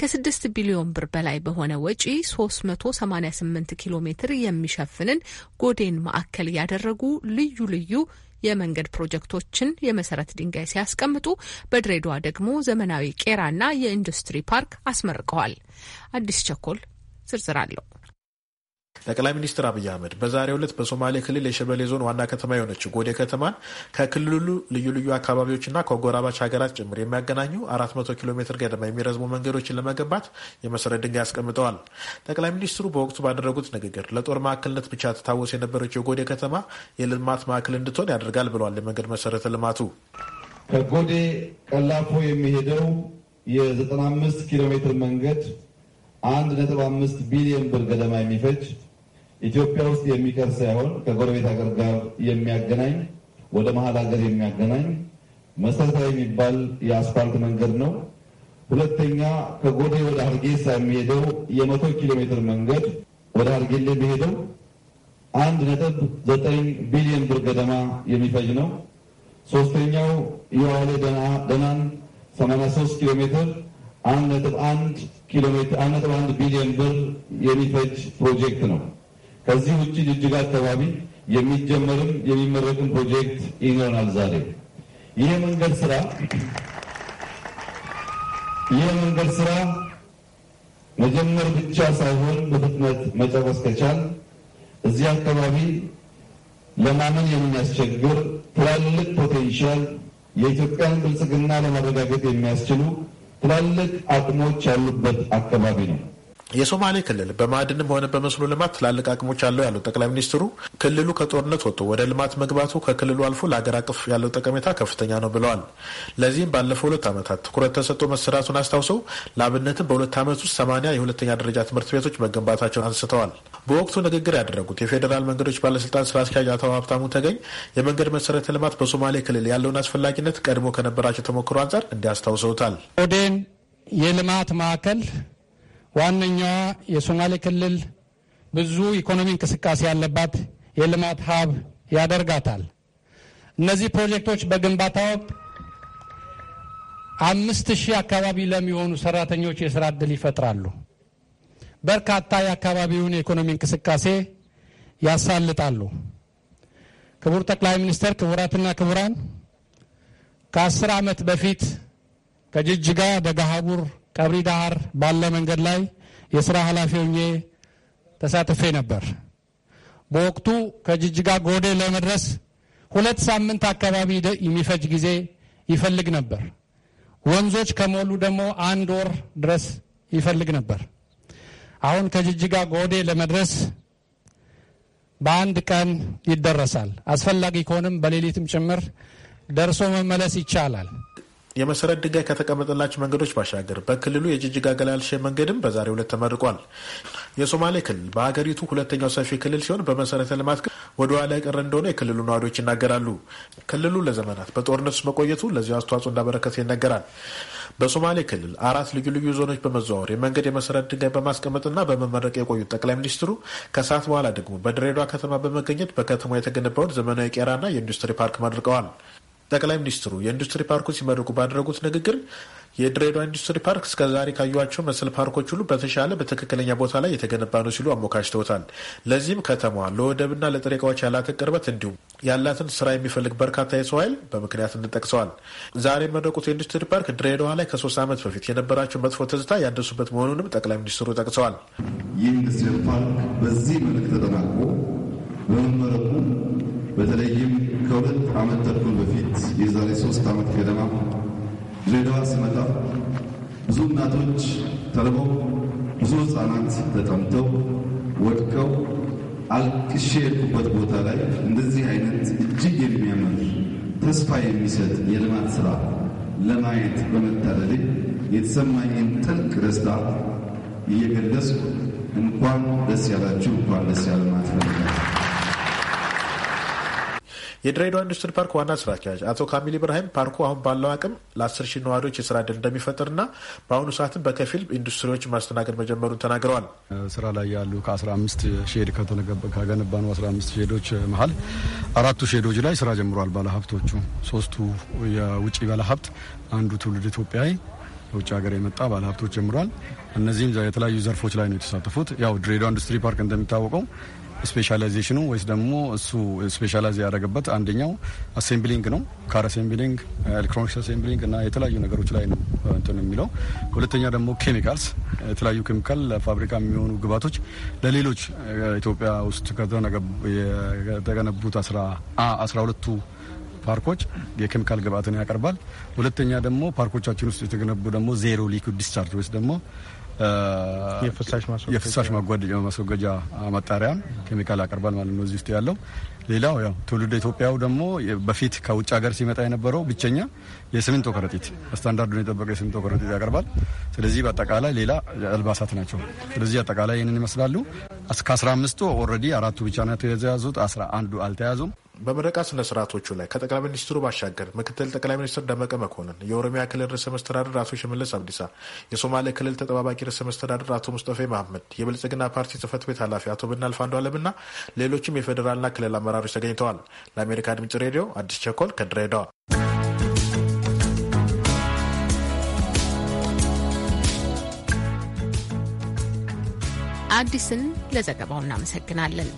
ከስድስት ቢሊዮን ብር በላይ በሆነ ወጪ 388 ኪሎ ሜትር የሚሸፍንን ጎዴን ማዕከል ያደረጉ ልዩ ልዩ የመንገድ ፕሮጀክቶችን የመሰረት ድንጋይ ሲያስቀምጡ በድሬዳዋ ደግሞ ዘመናዊ ቄራና የኢንዱስትሪ ፓርክ አስመርቀዋል። አዲስ ቸኮል ዝርዝር አለው። ጠቅላይ ሚኒስትር አብይ አህመድ በዛሬው ዕለት በሶማሌ ክልል የሸበሌ ዞን ዋና ከተማ የሆነችው ጎዴ ከተማን ከክልሉ ልዩ ልዩ አካባቢዎችና ከጎራባች ሀገራት ጭምር የሚያገናኙ 400 ኪሎ ሜትር ገደማ የሚረዝሙ መንገዶችን ለመገንባት የመሰረት ድንጋይ አስቀምጠዋል። ጠቅላይ ሚኒስትሩ በወቅቱ ባደረጉት ንግግር ለጦር ማዕከልነት ብቻ ትታወስ የነበረችው የጎዴ ከተማ የልማት ማዕከል እንድትሆን ያደርጋል ብለዋል። የመንገድ መሰረተ ልማቱ ከጎዴ ቀላፎ የሚሄደው የ95 ኪሎ ሜትር መንገድ 1.5 ቢሊዮን ብር ገደማ የሚፈጅ ኢትዮጵያ ውስጥ የሚቀር ሳይሆን ከጎረቤት ሀገር ጋር የሚያገናኝ ወደ መሀል ሀገር የሚያገናኝ መሰረታዊ የሚባል የአስፋልት መንገድ ነው። ሁለተኛ ከጎዴ ወደ ሀርጌሳ የሚሄደው የመቶ ኪሎ ሜትር መንገድ ወደ ሀርጌሌ የሚሄደው አንድ ነጥብ ዘጠኝ ቢሊዮን ብር ገደማ የሚፈጅ ነው። ሶስተኛው የዋሌ ደናን 83 ኪሎ ሜትር አንድ ነጥብ አንድ ቢሊዮን ብር የሚፈጅ ፕሮጀክት ነው። ከዚህ ውጭ ጅጅጋ አካባቢ የሚጀመርም የሚመረቅም ፕሮጀክት ይኖራል። ዛሬ ይህ መንገድ ስራ ይህ መንገድ ስራ መጀመር ብቻ ሳይሆን በፍጥነት መጨረስ ከቻል እዚህ አካባቢ ለማመን የሚያስቸግር ትላልቅ ፖቴንሻል የኢትዮጵያን ብልጽግና ለማረጋገጥ የሚያስችሉ ትላልቅ አቅሞች ያሉበት አካባቢ ነው። የሶማሌ ክልል በማዕድንም ሆነ በመስኖ ልማት ትላልቅ አቅሞች አለው ያሉት ጠቅላይ ሚኒስትሩ ክልሉ ከጦርነት ወጥቶ ወደ ልማት መግባቱ ከክልሉ አልፎ ለሀገር አቀፍ ያለው ጠቀሜታ ከፍተኛ ነው ብለዋል። ለዚህም ባለፈው ሁለት ዓመታት ትኩረት ተሰጥቶ መሰራቱን አስታውሰው ለአብነትም በሁለት ዓመት ውስጥ ሰማኒያ የሁለተኛ ደረጃ ትምህርት ቤቶች መገንባታቸውን አንስተዋል። በወቅቱ ንግግር ያደረጉት የፌዴራል መንገዶች ባለስልጣን ስራ አስኪያጅ አቶ ሀብታሙ ተገኝ የመንገድ መሰረተ ልማት በሶማሌ ክልል ያለውን አስፈላጊነት ቀድሞ ከነበራቸው ተሞክሮ አንጻር እንዲያስታውሰውታል። ኦዴን የልማት ማዕከል ዋነኛዋ የሶማሌ ክልል ብዙ ኢኮኖሚ እንቅስቃሴ ያለባት የልማት ሀብ ያደርጋታል። እነዚህ ፕሮጀክቶች በግንባታ ወቅት አምስት ሺህ አካባቢ ለሚሆኑ ሰራተኞች የስራ ዕድል ይፈጥራሉ። በርካታ የአካባቢውን የኢኮኖሚ እንቅስቃሴ ያሳልጣሉ። ክቡር ጠቅላይ ሚኒስትር፣ ክቡራትና ክቡራን ከአስር ዓመት በፊት ከጅጅጋ ደገሃቡር ቀብሪ ዳህር ባለ መንገድ ላይ የስራ ኃላፊ ሆኜ ተሳትፌ ነበር። በወቅቱ ከጅጅጋ ጎዴ ለመድረስ ሁለት ሳምንት አካባቢ የሚፈጅ ጊዜ ይፈልግ ነበር። ወንዞች ከሞሉ ደግሞ አንድ ወር ድረስ ይፈልግ ነበር። አሁን ከጅጅጋ ጎዴ ለመድረስ በአንድ ቀን ይደረሳል። አስፈላጊ ከሆንም በሌሊትም ጭምር ደርሶ መመለስ ይቻላል። የመሰረት ድንጋይ ከተቀመጠላቸው መንገዶች ባሻገር በክልሉ የጅጅጋ ገላልሼ መንገድም በዛሬ ሁለት ተመርቋል። የሶማሌ ክልል በሀገሪቱ ሁለተኛው ሰፊ ክልል ሲሆን በመሰረተ ልማት ወደ ኋላ የቀረ እንደሆነ የክልሉ ነዋሪዎች ይናገራሉ። ክልሉ ለዘመናት በጦርነት ውስጥ መቆየቱ ለዚሁ አስተዋጽኦ እንዳበረከተ ይነገራል። በሶማሌ ክልል አራት ልዩ ልዩ ዞኖች በመዘዋወር የመንገድ የመሰረት ድንጋይ በማስቀመጥና በመመረቅ የቆዩት ጠቅላይ ሚኒስትሩ ከሰዓት በኋላ ደግሞ በድሬዳዋ ከተማ በመገኘት በከተማ የተገነባውን ዘመናዊ ቄራና የኢንዱስትሪ ፓርክ አድርገዋል። ጠቅላይ ሚኒስትሩ የኢንዱስትሪ ፓርኩ ሲመርቁ ባደረጉት ንግግር የድሬዳዋ ኢንዱስትሪ ፓርክ እስከዛሬ ካዩቸው መሰል ፓርኮች ሁሉ በተሻለ በትክክለኛ ቦታ ላይ የተገነባ ነው ሲሉ አሞካሽተውታል። ለዚህም ከተማዋ ለወደብና ለጥሬ ዕቃዎች ያላትን ቅርበት እንዲሁም ያላትን ስራ የሚፈልግ በርካታ የሰው ኃይል በምክንያትነት ጠቅሰዋል። ዛሬ የመረቁት የኢንዱስትሪ ፓርክ ድሬዳዋ ላይ ከሶስት ዓመት በፊት የነበራቸው መጥፎ ትዝታ ያደሱበት መሆኑንም ጠቅላይ ሚኒስትሩ ጠቅሰዋል። ይህ ኢንዱስትሪ ፓርክ በዚህ መልክ ተጠናቆ በመመረቁ በተለይም ከሁለት ዓመት ተኩል የዛሬ ሶስት ዓመት ገደማ ድሬዳዋ ስመጣ ብዙ እናቶች ተርበው፣ ብዙ ህፃናት ተጠምተው ወድቀው አልቅሼ የሄድኩበት ቦታ ላይ እንደዚህ አይነት እጅግ የሚያምር ተስፋ የሚሰጥ የልማት ስራ ለማየት በመታደሌ የተሰማኝን ጥልቅ ደስታ እየገለጽኩ እንኳን ደስ ያላችሁ እንኳን ደስ ያለ ማለት የድሬዳዋ ኢንዱስትሪ ፓርክ ዋና ስራ አስኪያጅ አቶ ካሚል ኢብራሂም ፓርኩ አሁን ባለው አቅም ለአስር ሺህ ነዋሪዎች የስራ እድል እንደሚፈጥርና በአሁኑ ሰዓትም በከፊል ኢንዱስትሪዎች ማስተናገድ መጀመሩን ተናግረዋል። ስራ ላይ ያሉ ከ15 ሼድ ከገነባ ነው 15 ሼዶች መሀል አራቱ ሼዶች ላይ ስራ ጀምሯል። ባለሀብቶቹ ሶስቱ የውጭ ባለሀብት፣ አንዱ ትውልድ ኢትዮጵያዊ ውጭ ሀገር የመጣ ባለሀብቶች ጀምሯል። እነዚህም የተለያዩ ዘርፎች ላይ ነው የተሳተፉት። ያው ድሬዳዋ ኢንዱስትሪ ፓርክ እንደሚታወቀው ስፔሻላይዜሽኑ ወይስ ደግሞ እሱ ስፔሻላይዝ ያደረገበት አንደኛው አሴምብሊንግ ነው። ካር አሴምብሊንግ፣ ኤሌክትሮኒክስ አሴምብሊንግ እና የተለያዩ ነገሮች ላይ ነው እንትን የሚለው። ሁለተኛ ደግሞ ኬሚካልስ፣ የተለያዩ ኬሚካል ለፋብሪካ የሚሆኑ ግባቶች ለሌሎች ኢትዮጵያ ውስጥ ከተገነቡት አስራ ሁለቱ ፓርኮች የኬሚካል ግብአትን ያቀርባል። ሁለተኛ ደግሞ ፓርኮቻችን ውስጥ የተገነቡ ደግሞ ዜሮ ሊኩድ ዲስቻርጅ ወይስ ደግሞ የፍሳሽ ማስወገጃ መጣሪያን ኬሚካል አቅርቧል ማለት ነው እዚህ ውስጥ ያለው። ሌላው ያው ትውልድ ኢትዮጵያው ደግሞ በፊት ከውጭ ሀገር ሲመጣ የነበረው ብቸኛ የስሚንቶ ከረጢት ስታንዳርዱን የጠበቀ የስሚንቶ ከረጢት ያቀርባል። ስለዚህ በአጠቃላይ ሌላ አልባሳት ናቸው። ስለዚህ አጠቃላይ ይህንን ይመስላሉ። ከአስራ አምስቱ ኦልሬዲ አራቱ ብቻ ነው የተያዙት፣ አስራ አንዱ አልተያዙም። በምረቃ ስነ ስርዓቶቹ ላይ ከጠቅላይ ሚኒስትሩ ባሻገር ምክትል ጠቅላይ ሚኒስትር ደመቀ መኮንን፣ የኦሮሚያ ክልል ርዕሰ መስተዳድር አቶ ሽመለስ አብዲሳ፣ የሶማሌ ክልል ተጠባባቂ ርዕሰ መስተዳድር አቶ ሙስጠፌ መሐመድ፣ የብልጽግና ፓርቲ ጽህፈት ቤት ኃላፊ አቶ ብናልፍ አንዱዓለምና ሌሎችም የፌዴራልና ክልል አመራሮች ተገኝተዋል። ለአሜሪካ ድምጽ ሬዲዮ አዲስ ቸኮል ከድሬዳዋ አዲስን ለዘገባው እናመሰግናለን።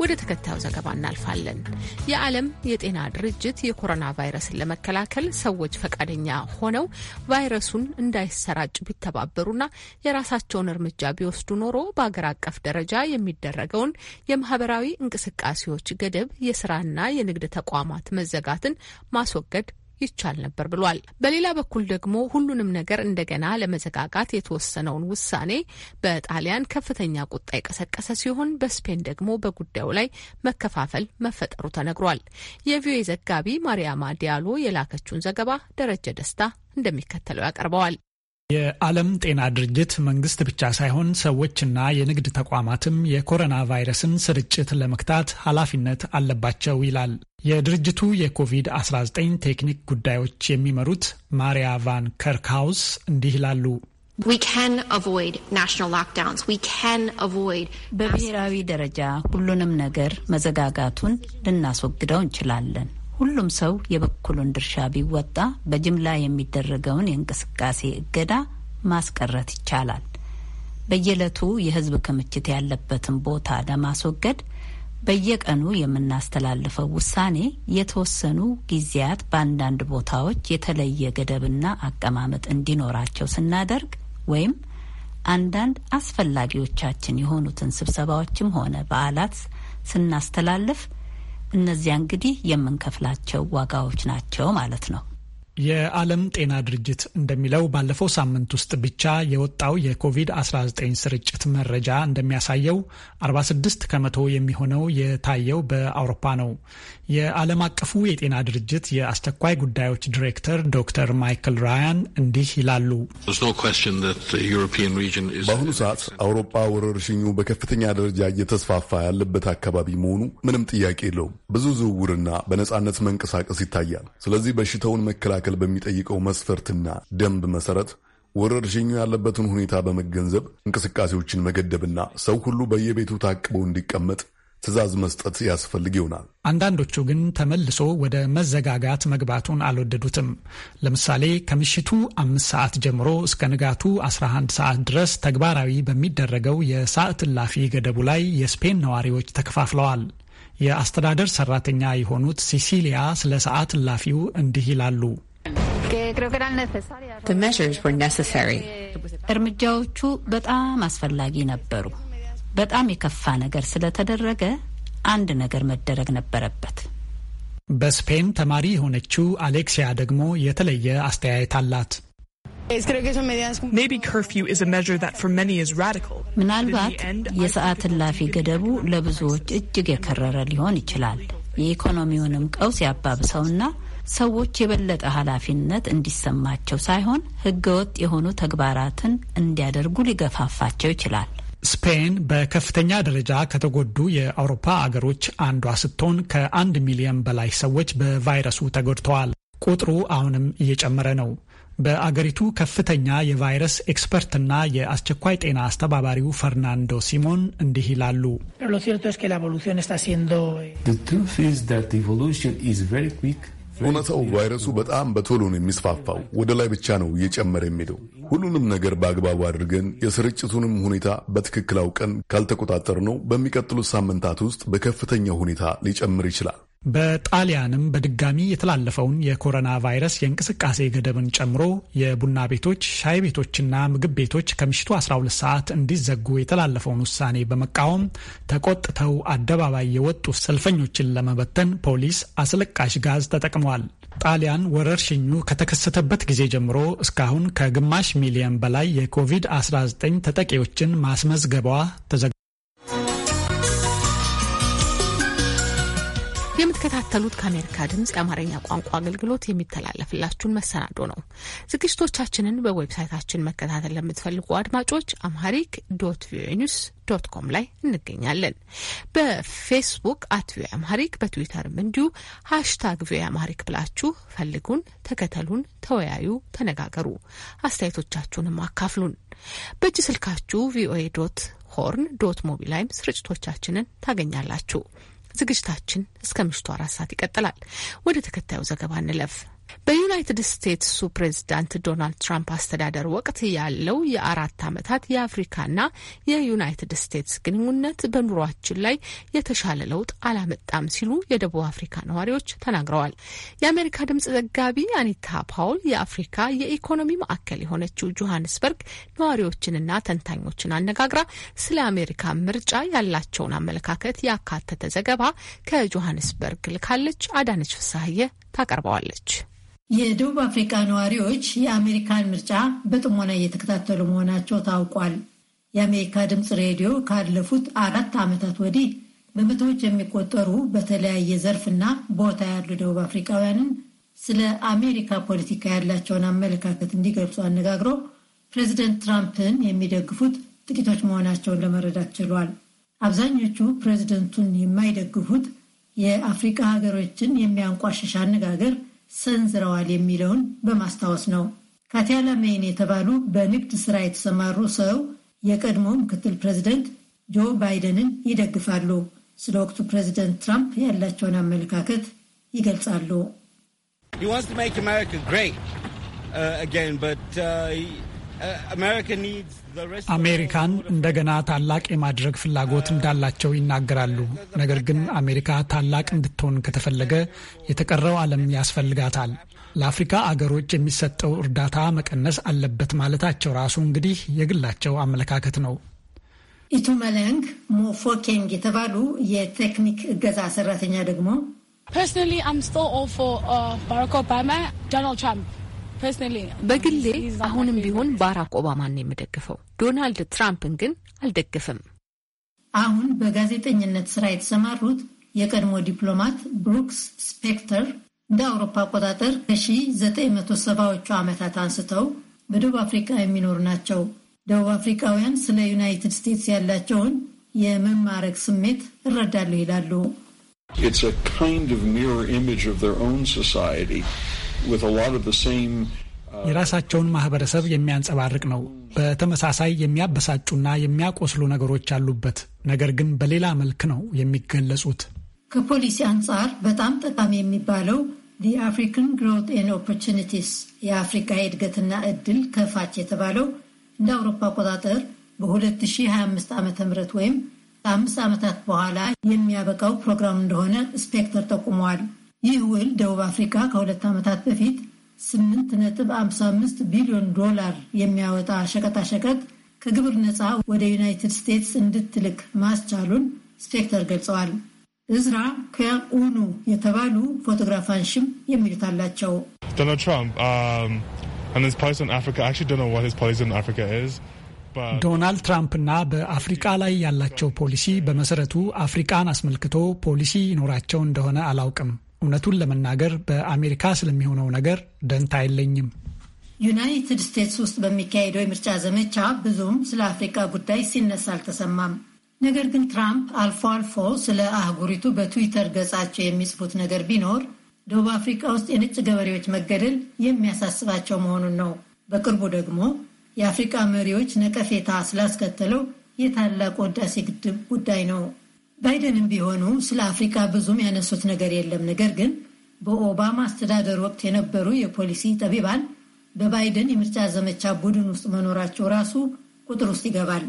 ወደ ተከታዩ ዘገባ እናልፋለን። የዓለም የጤና ድርጅት የኮሮና ቫይረስን ለመከላከል ሰዎች ፈቃደኛ ሆነው ቫይረሱን እንዳይሰራጭ ቢተባበሩና የራሳቸውን እርምጃ ቢወስዱ ኖሮ በአገር አቀፍ ደረጃ የሚደረገውን የማህበራዊ እንቅስቃሴዎች ገደብ፣ የስራና የንግድ ተቋማት መዘጋትን ማስወገድ ይቻል ነበር ብሏል። በሌላ በኩል ደግሞ ሁሉንም ነገር እንደገና ለመዘጋጋት የተወሰነውን ውሳኔ በጣሊያን ከፍተኛ ቁጣ የቀሰቀሰ ሲሆን በስፔን ደግሞ በጉዳዩ ላይ መከፋፈል መፈጠሩ ተነግሯል። የቪኦኤ ዘጋቢ ማሪያማ ዲያሎ የላከችውን ዘገባ ደረጀ ደስታ እንደሚከተለው ያቀርበዋል። የዓለም ጤና ድርጅት መንግስት ብቻ ሳይሆን ሰዎችና የንግድ ተቋማትም የኮሮና ቫይረስን ስርጭት ለመክታት ኃላፊነት አለባቸው ይላል። የድርጅቱ የኮቪድ-19 ቴክኒክ ጉዳዮች የሚመሩት ማሪያ ቫን ከርክሃውስ እንዲህ ይላሉ። በብሔራዊ ደረጃ ሁሉንም ነገር መዘጋጋቱን ልናስወግደው እንችላለን። ሁሉም ሰው የበኩሉን ድርሻ ቢወጣ በጅምላ የሚደረገውን የእንቅስቃሴ እገዳ ማስቀረት ይቻላል። በየዕለቱ የህዝብ ክምችት ያለበትን ቦታ ለማስወገድ በየቀኑ የምናስተላልፈው ውሳኔ የተወሰኑ ጊዜያት በአንዳንድ ቦታዎች የተለየ ገደብና አቀማመጥ እንዲኖራቸው ስናደርግ ወይም አንዳንድ አስፈላጊዎቻችን የሆኑትን ስብሰባዎችም ሆነ በዓላት ስናስተላልፍ እነዚያ እንግዲህ የምንከፍላቸው ዋጋዎች ናቸው ማለት ነው። የዓለም ጤና ድርጅት እንደሚለው ባለፈው ሳምንት ውስጥ ብቻ የወጣው የኮቪድ-19 ስርጭት መረጃ እንደሚያሳየው 46 ከመቶ የሚሆነው የታየው በአውሮፓ ነው። የዓለም አቀፉ የጤና ድርጅት የአስቸኳይ ጉዳዮች ዲሬክተር ዶክተር ማይክል ራያን እንዲህ ይላሉ። በአሁኑ ሰዓት አውሮፓ ወረርሽኙ በከፍተኛ ደረጃ እየተስፋፋ ያለበት አካባቢ መሆኑ ምንም ጥያቄ የለውም። ብዙ ዝውውርና በነጻነት መንቀሳቀስ ይታያል። ስለዚህ በሽታውን መከላከል መከላከል በሚጠይቀው መስፈርትና ደንብ መሰረት ወረርሽኙ ያለበትን ሁኔታ በመገንዘብ እንቅስቃሴዎችን መገደብና ሰው ሁሉ በየቤቱ ታቅበው እንዲቀመጥ ትዕዛዝ መስጠት ያስፈልግ ይሆናል። አንዳንዶቹ ግን ተመልሶ ወደ መዘጋጋት መግባቱን አልወደዱትም። ለምሳሌ ከምሽቱ አምስት ሰዓት ጀምሮ እስከ ንጋቱ 11 ሰዓት ድረስ ተግባራዊ በሚደረገው የሰዓት እላፊ ገደቡ ላይ የስፔን ነዋሪዎች ተከፋፍለዋል። የአስተዳደር ሰራተኛ የሆኑት ሲሲሊያ ስለ ሰዓት እላፊው እንዲህ ይላሉ። እርምጃዎቹ በጣም አስፈላጊ ነበሩ። በጣም የከፋ ነገር ስለተደረገ አንድ ነገር መደረግ ነበረበት። በስፔን ተማሪ የሆነችው አሌክሲያ ደግሞ የተለየ አስተያየት አላት። ምናልባት የሰዓት እላፊ ገደቡ ለብዙዎች እጅግ የከረረ ሊሆን ይችላል። የኢኮኖሚውንም ቀውስ ያባብሰውና ሰዎች የበለጠ ኃላፊነት እንዲሰማቸው ሳይሆን ህገወጥ የሆኑ ተግባራትን እንዲያደርጉ ሊገፋፋቸው ይችላል። ስፔን በከፍተኛ ደረጃ ከተጎዱ የአውሮፓ አገሮች አንዷ ስትሆን ከአንድ ሚሊዮን በላይ ሰዎች በቫይረሱ ተጎድተዋል። ቁጥሩ አሁንም እየጨመረ ነው። በአገሪቱ ከፍተኛ የቫይረስ ኤክስፐርትና የአስቸኳይ ጤና አስተባባሪው ፈርናንዶ ሲሞን እንዲህ ይላሉ። ሎ ሲርቶ ስ ላ ቮሉሲዮን ስታ ሲንዶ እውነታው ቫይረሱ በጣም በቶሎ ነው የሚስፋፋው፣ ወደ ላይ ብቻ ነው እየጨመረ የሚሄደው። ሁሉንም ነገር በአግባቡ አድርገን የስርጭቱንም ሁኔታ በትክክል አውቀን ካልተቆጣጠር ነው በሚቀጥሉት ሳምንታት ውስጥ በከፍተኛ ሁኔታ ሊጨምር ይችላል። በጣሊያንም በድጋሚ የተላለፈውን የኮሮና ቫይረስ የእንቅስቃሴ ገደብን ጨምሮ የቡና ቤቶች፣ ሻይ ቤቶችና ምግብ ቤቶች ከምሽቱ 12 ሰዓት እንዲዘጉ የተላለፈውን ውሳኔ በመቃወም ተቆጥተው አደባባይ የወጡ ሰልፈኞችን ለመበተን ፖሊስ አስለቃሽ ጋዝ ተጠቅመዋል። ጣሊያን ወረርሽኙ ከተከሰተበት ጊዜ ጀምሮ እስካሁን ከግማሽ ሚሊዮን በላይ የኮቪድ-19 ተጠቂዎችን ማስመዝገቧ ተዘግ የምትከታተሉት ከአሜሪካ ድምጽ የአማርኛ ቋንቋ አገልግሎት የሚተላለፍላችሁን መሰናዶ ነው። ዝግጅቶቻችንን በዌብሳይታችን መከታተል ለምትፈልጉ አድማጮች አምሃሪክ ዶት ቪኦኤ ኒውስ ዶት ኮም ላይ እንገኛለን። በፌስቡክ አት ቪኦኤ አምሃሪክ፣ በትዊተርም እንዲሁ ሀሽታግ ቪኦኤ አምሃሪክ ብላችሁ ፈልጉን፣ ተከተሉን፣ ተወያዩ፣ ተነጋገሩ፣ አስተያየቶቻችሁንም አካፍሉን። በእጅ ስልካችሁ ቪኦኤ ዶት ሆርን ዶት ሞቢ ላይም ስርጭቶቻችንን ታገኛላችሁ። ዝግጅታችን እስከ ምሽቱ አራት ሰዓት ይቀጥላል። ወደ ተከታዩ ዘገባ እንለፍ። በዩናይትድ ስቴትሱ ፕሬዚዳንት ዶናልድ ትራምፕ አስተዳደር ወቅት ያለው የአራት ዓመታት የአፍሪካና የዩናይትድ ስቴትስ ግንኙነት በኑሯችን ላይ የተሻለ ለውጥ አላመጣም ሲሉ የደቡብ አፍሪካ ነዋሪዎች ተናግረዋል። የአሜሪካ ድምጽ ዘጋቢ አኒታ ፓውል የአፍሪካ የኢኮኖሚ ማዕከል የሆነችው ጆሀንስበርግ ነዋሪዎችንና ተንታኞችን አነጋግራ ስለ አሜሪካ ምርጫ ያላቸውን አመለካከት ያካተተ ዘገባ ከጆሀንስበርግ ዮሐንስበርግ ልካለች። አዳነች ፍሳሐየ ታቀርበዋለች። የደቡብ አፍሪካ ነዋሪዎች የአሜሪካን ምርጫ በጥሞና እየተከታተሉ መሆናቸው ታውቋል። የአሜሪካ ድምፅ ሬዲዮ ካለፉት አራት ዓመታት ወዲህ በመቶዎች የሚቆጠሩ በተለያየ ዘርፍና ቦታ ያሉ ደቡብ አፍሪካውያንን ስለ አሜሪካ ፖለቲካ ያላቸውን አመለካከት እንዲገልጹ አነጋግሮ ፕሬዚደንት ትራምፕን የሚደግፉት ጥቂቶች መሆናቸውን ለመረዳት ችሏል። አብዛኞቹ ፕሬዚደንቱን የማይደግፉት የአፍሪቃ ሀገሮችን የሚያንቋሽሽ አነጋገር ሰንዝረዋል የሚለውን በማስታወስ ነው። ካቲያላ ሜይን የተባሉ በንግድ ስራ የተሰማሩ ሰው የቀድሞ ምክትል ፕሬዚደንት ጆ ባይደንን ይደግፋሉ። ስለ ወቅቱ ፕሬዚደንት ትራምፕ ያላቸውን አመለካከት ይገልጻሉ። አሜሪካን እንደገና ታላቅ የማድረግ ፍላጎት እንዳላቸው ይናገራሉ። ነገር ግን አሜሪካ ታላቅ እንድትሆን ከተፈለገ የተቀረው ዓለም ያስፈልጋታል። ለአፍሪካ አገሮች የሚሰጠው እርዳታ መቀነስ አለበት ማለታቸው ራሱ እንግዲህ የግላቸው አመለካከት ነው። ኢቱመለንግ ሞፎኬንግ የተባሉ የቴክኒክ እገዛ ሰራተኛ ደግሞ ፐርሰናሊ አም ስቲል ኦል ፎር ባራክ ኦባማ ዶናልድ ትራምፕ በግሌ አሁንም ቢሆን ባራክ ኦባማን የምደግፈው ዶናልድ ትራምፕን ግን አልደግፍም። አሁን በጋዜጠኝነት ስራ የተሰማሩት የቀድሞ ዲፕሎማት ብሩክስ ስፔክተር እንደ አውሮፓ አቆጣጠር ከ1970ዎቹ ዓመታት አንስተው በደቡብ አፍሪካ የሚኖሩ ናቸው። ደቡብ አፍሪካውያን ስለ ዩናይትድ ስቴትስ ያላቸውን የመማረክ ስሜት እረዳለሁ ይላሉ። Uh, የራሳቸውን ማህበረሰብ የሚያንጸባርቅ ነው። በተመሳሳይ የሚያበሳጩና የሚያቆስሉ ነገሮች አሉበት። ነገር ግን በሌላ መልክ ነው የሚገለጹት። ከፖሊሲ አንጻር በጣም ጠቃሚ የሚባለው ዲ አፍሪካን ግሮት ኤን ኦፖርቹኒቲስ የአፍሪካ የእድገትና እድል ከፋች የተባለው እንደ አውሮፓ አቆጣጠር በ2025 ዓ ም ወይም ከአምስት ዓመታት በኋላ የሚያበቃው ፕሮግራም እንደሆነ ስፔክተር ጠቁመዋል። ይህ ውል ደቡብ አፍሪካ ከሁለት ዓመታት በፊት 8.55 ቢሊዮን ዶላር የሚያወጣ ሸቀጣሸቀጥ ከግብር ነፃ ወደ ዩናይትድ ስቴትስ እንድትልክ ማስቻሉን ስፔክተር ገልጸዋል። እዝራ ከኡኑ የተባሉ ፎቶግራፍ አንሺም የሚሉት አላቸው። ዶናልድ ትራምፕና um, በአፍሪቃ ላይ ያላቸው ፖሊሲ በመሰረቱ አፍሪቃን አስመልክቶ ፖሊሲ ይኖራቸው እንደሆነ አላውቅም። እውነቱን ለመናገር በአሜሪካ ስለሚሆነው ነገር ደንታ የለኝም። ዩናይትድ ስቴትስ ውስጥ በሚካሄደው የምርጫ ዘመቻ ብዙም ስለ አፍሪካ ጉዳይ ሲነሳ አልተሰማም። ነገር ግን ትራምፕ አልፎ አልፎ ስለ አህጉሪቱ በትዊተር ገጻቸው የሚጽፉት ነገር ቢኖር ደቡብ አፍሪካ ውስጥ የነጭ ገበሬዎች መገደል የሚያሳስባቸው መሆኑን ነው። በቅርቡ ደግሞ የአፍሪቃ መሪዎች ነቀፌታ ስላስከተለው የታላቁ ሕዳሴ ግድብ ጉዳይ ነው። ባይደንም ቢሆኑ ስለ አፍሪካ ብዙም ያነሱት ነገር የለም። ነገር ግን በኦባማ አስተዳደር ወቅት የነበሩ የፖሊሲ ጠቢባን በባይደን የምርጫ ዘመቻ ቡድን ውስጥ መኖራቸው ራሱ ቁጥር ውስጥ ይገባል።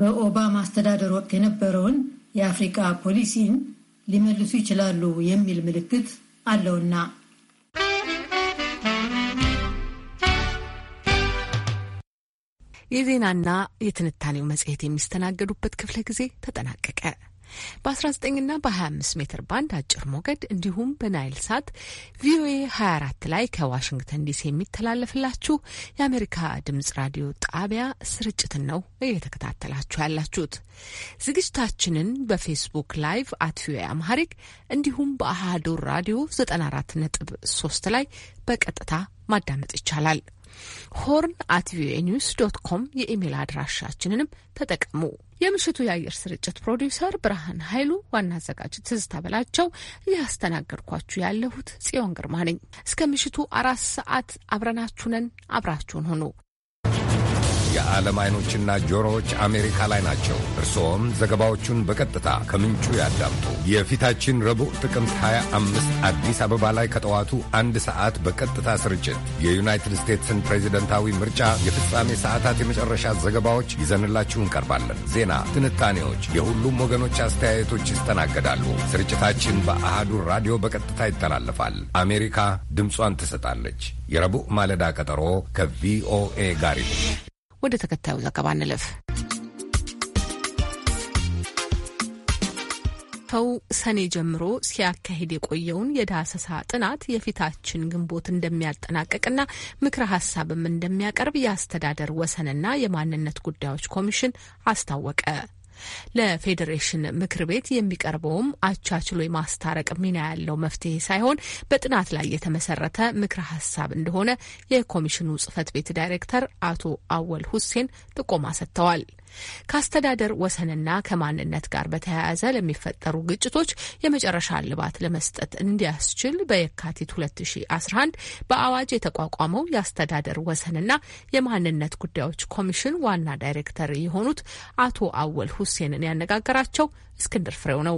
በኦባማ አስተዳደር ወቅት የነበረውን የአፍሪካ ፖሊሲን ሊመልሱ ይችላሉ የሚል ምልክት አለውና። የዜናና የትንታኔው መጽሔት የሚስተናገዱበት ክፍለ ጊዜ ተጠናቀቀ። በ19ና በ25 ሜትር ባንድ አጭር ሞገድ እንዲሁም በናይል ሳት ቪኦኤ 24 ላይ ከዋሽንግተን ዲሲ የሚተላለፍላችሁ የአሜሪካ ድምጽ ራዲዮ ጣቢያ ስርጭትን ነው እየተከታተላችሁ ያላችሁት። ዝግጅታችንን በፌስቡክ ላይቭ አት ቪኦኤ አምሃሪክ እንዲሁም በአሃዶር ራዲዮ 94.3 ላይ በቀጥታ ማዳመጥ ይቻላል። ሆርን አት ቪኦኤ ኒውስ ዶት ኮም የኢሜይል አድራሻችንንም ተጠቀሙ። የምሽቱ የአየር ስርጭት ፕሮዲውሰር ብርሃን ኃይሉ፣ ዋና አዘጋጅ ትዝታ በላቸው፣ እያስተናገድኳችሁ ያለሁት ጽዮን ግርማ ነኝ። እስከ ምሽቱ አራት ሰዓት አብረናችሁ ነን። አብራችሁን ሆኑ የዓለም አይኖችና ጆሮዎች አሜሪካ ላይ ናቸው። እርስዎም ዘገባዎቹን በቀጥታ ከምንጩ ያዳምጡ። የፊታችን ረቡዕ ጥቅምት 25 አዲስ አበባ ላይ ከጠዋቱ አንድ ሰዓት በቀጥታ ስርጭት የዩናይትድ ስቴትስን ፕሬዚደንታዊ ምርጫ የፍጻሜ ሰዓታት የመጨረሻ ዘገባዎች ይዘንላችሁ እንቀርባለን። ዜና፣ ትንታኔዎች፣ የሁሉም ወገኖች አስተያየቶች ይስተናገዳሉ። ስርጭታችን በአሃዱ ራዲዮ በቀጥታ ይተላለፋል። አሜሪካ ድምጿን ትሰጣለች። የረቡዕ ማለዳ ቀጠሮ ከቪኦኤ ጋር ወደ ተከታዩ ዘገባ እንለፍ። ፈው ሰኔ ጀምሮ ሲያካሂድ የቆየውን የዳሰሳ ጥናት የፊታችን ግንቦት እንደሚያጠናቀቅና ምክረ ሀሳብም እንደሚያቀርብ የአስተዳደር ወሰንና የማንነት ጉዳዮች ኮሚሽን አስታወቀ። ለፌዴሬሽን ምክር ቤት የሚቀርበውም አቻችሎ የማስታረቅ ሚና ያለው መፍትሄ ሳይሆን በጥናት ላይ የተመሰረተ ምክረ ሀሳብ እንደሆነ የኮሚሽኑ ጽህፈት ቤት ዳይሬክተር አቶ አወል ሁሴን ጥቆማ ሰጥተዋል። ከአስተዳደር ወሰንና ከማንነት ጋር በተያያዘ ለሚፈጠሩ ግጭቶች የመጨረሻ እልባት ለመስጠት እንዲያስችል በየካቲት 2011 በአዋጅ የተቋቋመው የአስተዳደር ወሰንና የማንነት ጉዳዮች ኮሚሽን ዋና ዳይሬክተር የሆኑት አቶ አወል ሁሴንን ያነጋገራቸው እስክንድር ፍሬው ነው።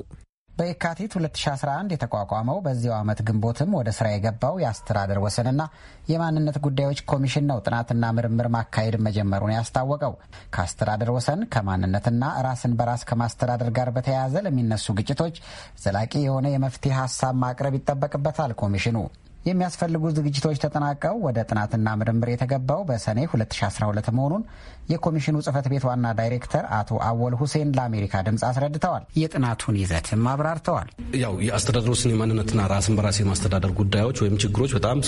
በየካቲት 2011 የተቋቋመው በዚያው ዓመት ግንቦትም ወደ ስራ የገባው የአስተዳደር ወሰንና የማንነት ጉዳዮች ኮሚሽን ነው ጥናትና ምርምር ማካሄድ መጀመሩን ያስታወቀው። ከአስተዳደር ወሰን ከማንነትና ራስን በራስ ከማስተዳደር ጋር በተያያዘ ለሚነሱ ግጭቶች ዘላቂ የሆነ የመፍትሄ ሀሳብ ማቅረብ ይጠበቅበታል። ኮሚሽኑ የሚያስፈልጉ ዝግጅቶች ተጠናቀው ወደ ጥናትና ምርምር የተገባው በሰኔ 2012 መሆኑን የኮሚሽኑ ጽህፈት ቤት ዋና ዳይሬክተር አቶ አወል ሁሴን ለአሜሪካ ድምፅ አስረድተዋል። የጥናቱን ይዘትም አብራርተዋል። ያው የአስተዳደር ውስን የማንነትና ራስን በራስ የማስተዳደር ጉዳዮች ወይም ችግሮች በጣም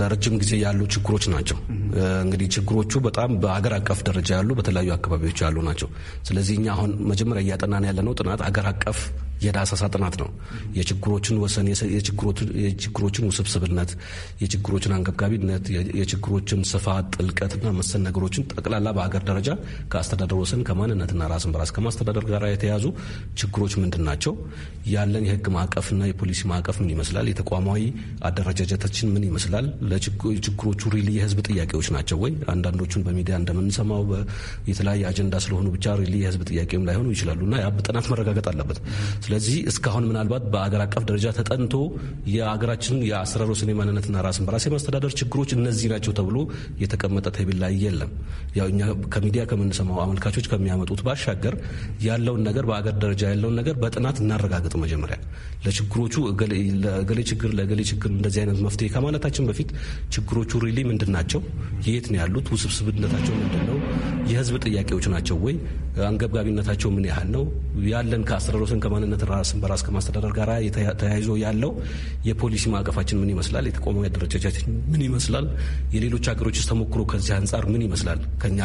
ለረጅም ጊዜ ያሉ ችግሮች ናቸው። እንግዲህ ችግሮቹ በጣም በአገር አቀፍ ደረጃ ያሉ በተለያዩ አካባቢዎች ያሉ ናቸው። ስለዚህ እኛ አሁን መጀመሪያ እያጠናን ያለነው ጥናት አገር አቀፍ የዳሰሳ ጥናት ነው። የችግሮችን ወሰን፣ የችግሮችን ውስብስብነት፣ የችግሮችን አንገብጋቢነት፣ የችግሮችን ስፋት፣ ጥልቀትና መሰል ነገሮችን በጠቅላላ በአገር ደረጃ ከአስተዳደር ወሰን ከማንነትና ራስን በራስ ከማስተዳደር ጋር የተያዙ ችግሮች ምንድን ናቸው? ያለን የህግ ማዕቀፍና የፖሊሲ ማዕቀፍ ምን ይመስላል? የተቋማዊ አደረጃጀታችን ምን ይመስላል? ለችግሮቹ ሪሊ የህዝብ ጥያቄዎች ናቸው ወይ? አንዳንዶቹን በሚዲያ እንደምንሰማው የተለያየ አጀንዳ ስለሆኑ ብቻ ሪሊ የህዝብ ጥያቄም ላይሆኑ ይችላሉ እና ያ በጥናት መረጋገጥ አለበት። ስለዚህ እስካሁን ምናልባት በአገር አቀፍ ደረጃ ተጠንቶ የሀገራችን የአሰራር ወሰን የማንነትና ራስን በራስ የማስተዳደር ችግሮች እነዚህ ናቸው ተብሎ የተቀመጠ ቴብል ላይ የለም። እኛ ከሚዲያ ከምንሰማው አመልካቾች ከሚያመጡት ባሻገር ያለውን ነገር በአገር ደረጃ ያለውን ነገር በጥናት እናረጋግጥ። መጀመሪያ ለችግሮቹ ለገሌ ችግር ለገሌ ችግር እንደዚህ አይነት መፍትሄ ከማለታችን በፊት ችግሮቹ ሪሊ ምንድን ናቸው? የት ነው ያሉት? ውስብስብነታቸው ምንድን ነው? የህዝብ ጥያቄዎች ናቸው ወይ? አንገብጋቢነታቸው ምን ያህል ነው? ያለን ከአስተዳደሮስን ከማንነት ራስን በራስ ከማስተዳደር ጋር ተያይዞ ያለው የፖሊሲ ማዕቀፋችን ምን ይመስላል? የተቋማዊ አደረጃጀታችን ምን ይመስላል? የሌሎች ሀገሮች ተሞክሮ ከዚህ አንጻር ምን ይመስላል? ከኛ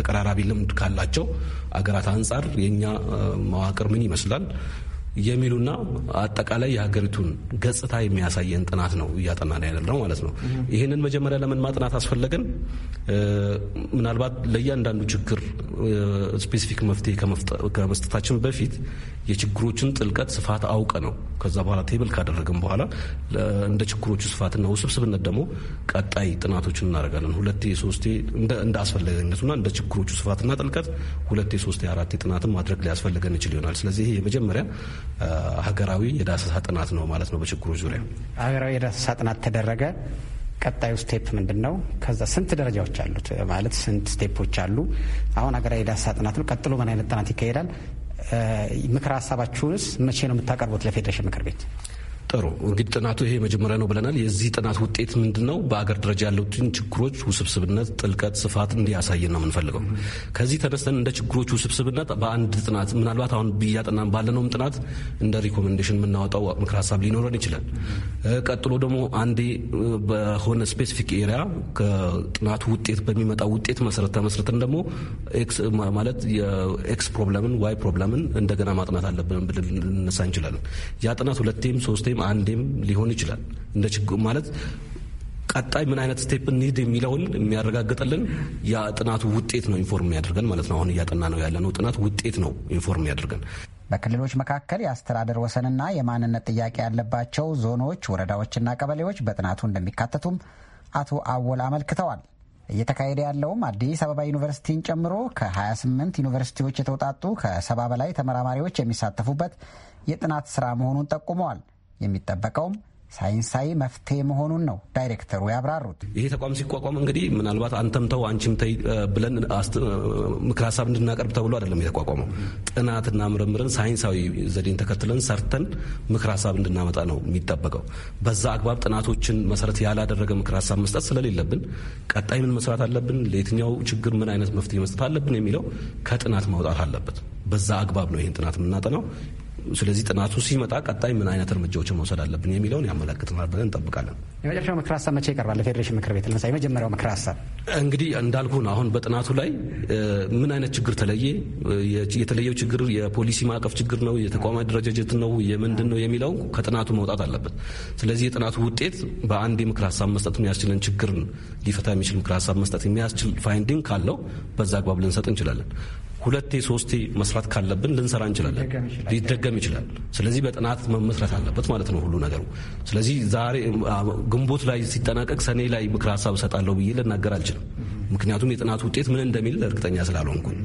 ተቀራራቢ ልምድ ካላቸው አገራት አንጻር የእኛ መዋቅር ምን ይመስላል? የሚሉና አጠቃላይ የሀገሪቱን ገጽታ የሚያሳየን ጥናት ነው እያጠናን ያለው ማለት ነው። ይህንን መጀመሪያ ለምን ማጥናት አስፈለገን? ምናልባት ለእያንዳንዱ ችግር ስፔሲፊክ መፍትሄ ከመስጠታችን በፊት የችግሮችን ጥልቀት ስፋት አውቀ ነው ከዛ በኋላ ቴብል ካደረግን በኋላ እንደ ችግሮቹ ስፋትና ውስብስብነት ደግሞ ቀጣይ ጥናቶችን እናደርጋለን። ሁለቴ ሶስቴ እንደ አስፈላጊነቱና እንደ ችግሮቹ ስፋትና ጥልቀት ሁለቴ ሶስቴ አራቴ ጥናትን ማድረግ ሊያስፈልገን ይችል ይሆናል። ስለዚህ ይሄ የመጀመሪያ ሀገራዊ የዳሰሳ ጥናት ነው ማለት ነው። በችግሩ ዙሪያ ሀገራዊ የዳሰሳ ጥናት ተደረገ። ቀጣዩ ስቴፕ ምንድን ነው? ከዛ ስንት ደረጃዎች አሉት? ማለት ስንት ስቴፖች አሉ? አሁን ሀገራዊ የዳሰሳ ጥናት ነው። ቀጥሎ ምን አይነት ጥናት ይካሄዳል? ምክር ሀሳባችሁንስ መቼ ነው የምታቀርቡት ለፌዴሬሽን ምክር ቤት? ጥሩ እንግዲህ ጥናቱ ይሄ የመጀመሪያ ነው ብለናል። የዚህ ጥናት ውጤት ምንድን ነው? በአገር ደረጃ ያሉትን ችግሮች ውስብስብነት፣ ጥልቀት፣ ስፋት እንዲያሳየን ነው የምንፈልገው። ከዚህ ተነስተን እንደ ችግሮች ውስብስብነት በአንድ ጥናት ምናልባት አሁን ብያጠናን ባለነውም ጥናት እንደ ሪኮሜንዴሽን የምናወጣው ምክር ሀሳብ ሊኖረን ይችላል። ቀጥሎ ደግሞ አንዴ በሆነ ስፔሲፊክ ኤሪያ ከጥናቱ ውጤት በሚመጣ ውጤት መሰረት ተመስርተን ደግሞ ማለት የኤክስ ፕሮብለምን ዋይ ፕሮብለምን እንደገና ማጥናት አለብን ብለን ልነሳ እንችላለን። ያ ጥናት ሁለቴም ሶስቴም አንዴም ሊሆን ይችላል እንደ ችግር ማለት ቀጣይ ምን አይነት ስቴፕ እንሂድ የሚለውን የሚያረጋግጥልን የጥናቱ ውጤት ነው ኢንፎርም የሚያደርገን ማለት ነው። አሁን እያጠና ነው ያለነው ጥናት ውጤት ነው ኢንፎርም የሚያደርገን። በክልሎች መካከል የአስተዳደር ወሰንና የማንነት ጥያቄ ያለባቸው ዞኖች፣ ወረዳዎችና ቀበሌዎች በጥናቱ እንደሚካተቱም አቶ አወል አመልክተዋል። እየተካሄደ ያለውም አዲስ አበባ ዩኒቨርሲቲን ጨምሮ ከ28 ዩኒቨርሲቲዎች የተውጣጡ ከ70 በላይ ተመራማሪዎች የሚሳተፉበት የጥናት ስራ መሆኑን ጠቁመዋል። የሚጠበቀውም ሳይንሳዊ መፍትሄ መሆኑን ነው ዳይሬክተሩ ያብራሩት። ይሄ ተቋም ሲቋቋም እንግዲህ ምናልባት አንተም ተው አንቺም ተይ ብለን ምክር ሀሳብ እንድናቀርብ ተብሎ አይደለም የተቋቋመው። ጥናትና ምርምርን ሳይንሳዊ ዘዴን ተከትለን ሰርተን ምክር ሀሳብ እንድናመጣ ነው የሚጠበቀው። በዛ አግባብ ጥናቶችን መሰረት ያላደረገ ምክር ሀሳብ መስጠት ስለሌለብን ቀጣይ ምን መስራት አለብን፣ ለየትኛው ችግር ምን አይነት መፍትሄ መስጠት አለብን የሚለው ከጥናት ማውጣት አለበት። በዛ አግባብ ነው ይህን ጥናት የምናጠናው። ስለዚህ ጥናቱ ሲመጣ ቀጣይ ምን አይነት እርምጃዎችን መውሰድ አለብን የሚለውን ያመለክትናል ብለን እንጠብቃለን። የመጨረሻው ምክር ሀሳብ መቼ ይቀርባል? ለፌዴሬሽን ምክር ቤት ለምሳሌ የመጀመሪያው ምክር ሀሳብ እንግዲህ እንዳልኩን አሁን በጥናቱ ላይ ምን አይነት ችግር ተለየ? የተለየው ችግር የፖሊሲ ማዕቀፍ ችግር ነው፣ የተቋም አደረጃጀት ነው፣ የምንድን ነው የሚለው ከጥናቱ መውጣት አለበት። ስለዚህ የጥናቱ ውጤት በአንድ የምክር ሀሳብ መስጠት የሚያስችለን ችግር ሊፈታ የሚችል ምክር ሀሳብ መስጠት የሚያስችል ፋይንዲንግ ካለው በዛ አግባብ ልንሰጥ እንችላለን። ሁለቴ ሶስቴ መስራት ካለብን ልንሰራ እንችላለን፣ ሊደገም ይችላል። ስለዚህ በጥናት መመስረት አለበት ማለት ነው ሁሉ ነገሩ። ስለዚህ ዛሬ ግንቦት ላይ ሲጠናቀቅ ሰኔ ላይ ምክር ሀሳብ እሰጣለሁ ብዬ ልናገር አልችልም። ምክንያቱም የጥናቱ ውጤት ምን እንደሚል እርግጠኛ ስላልሆንኩኝ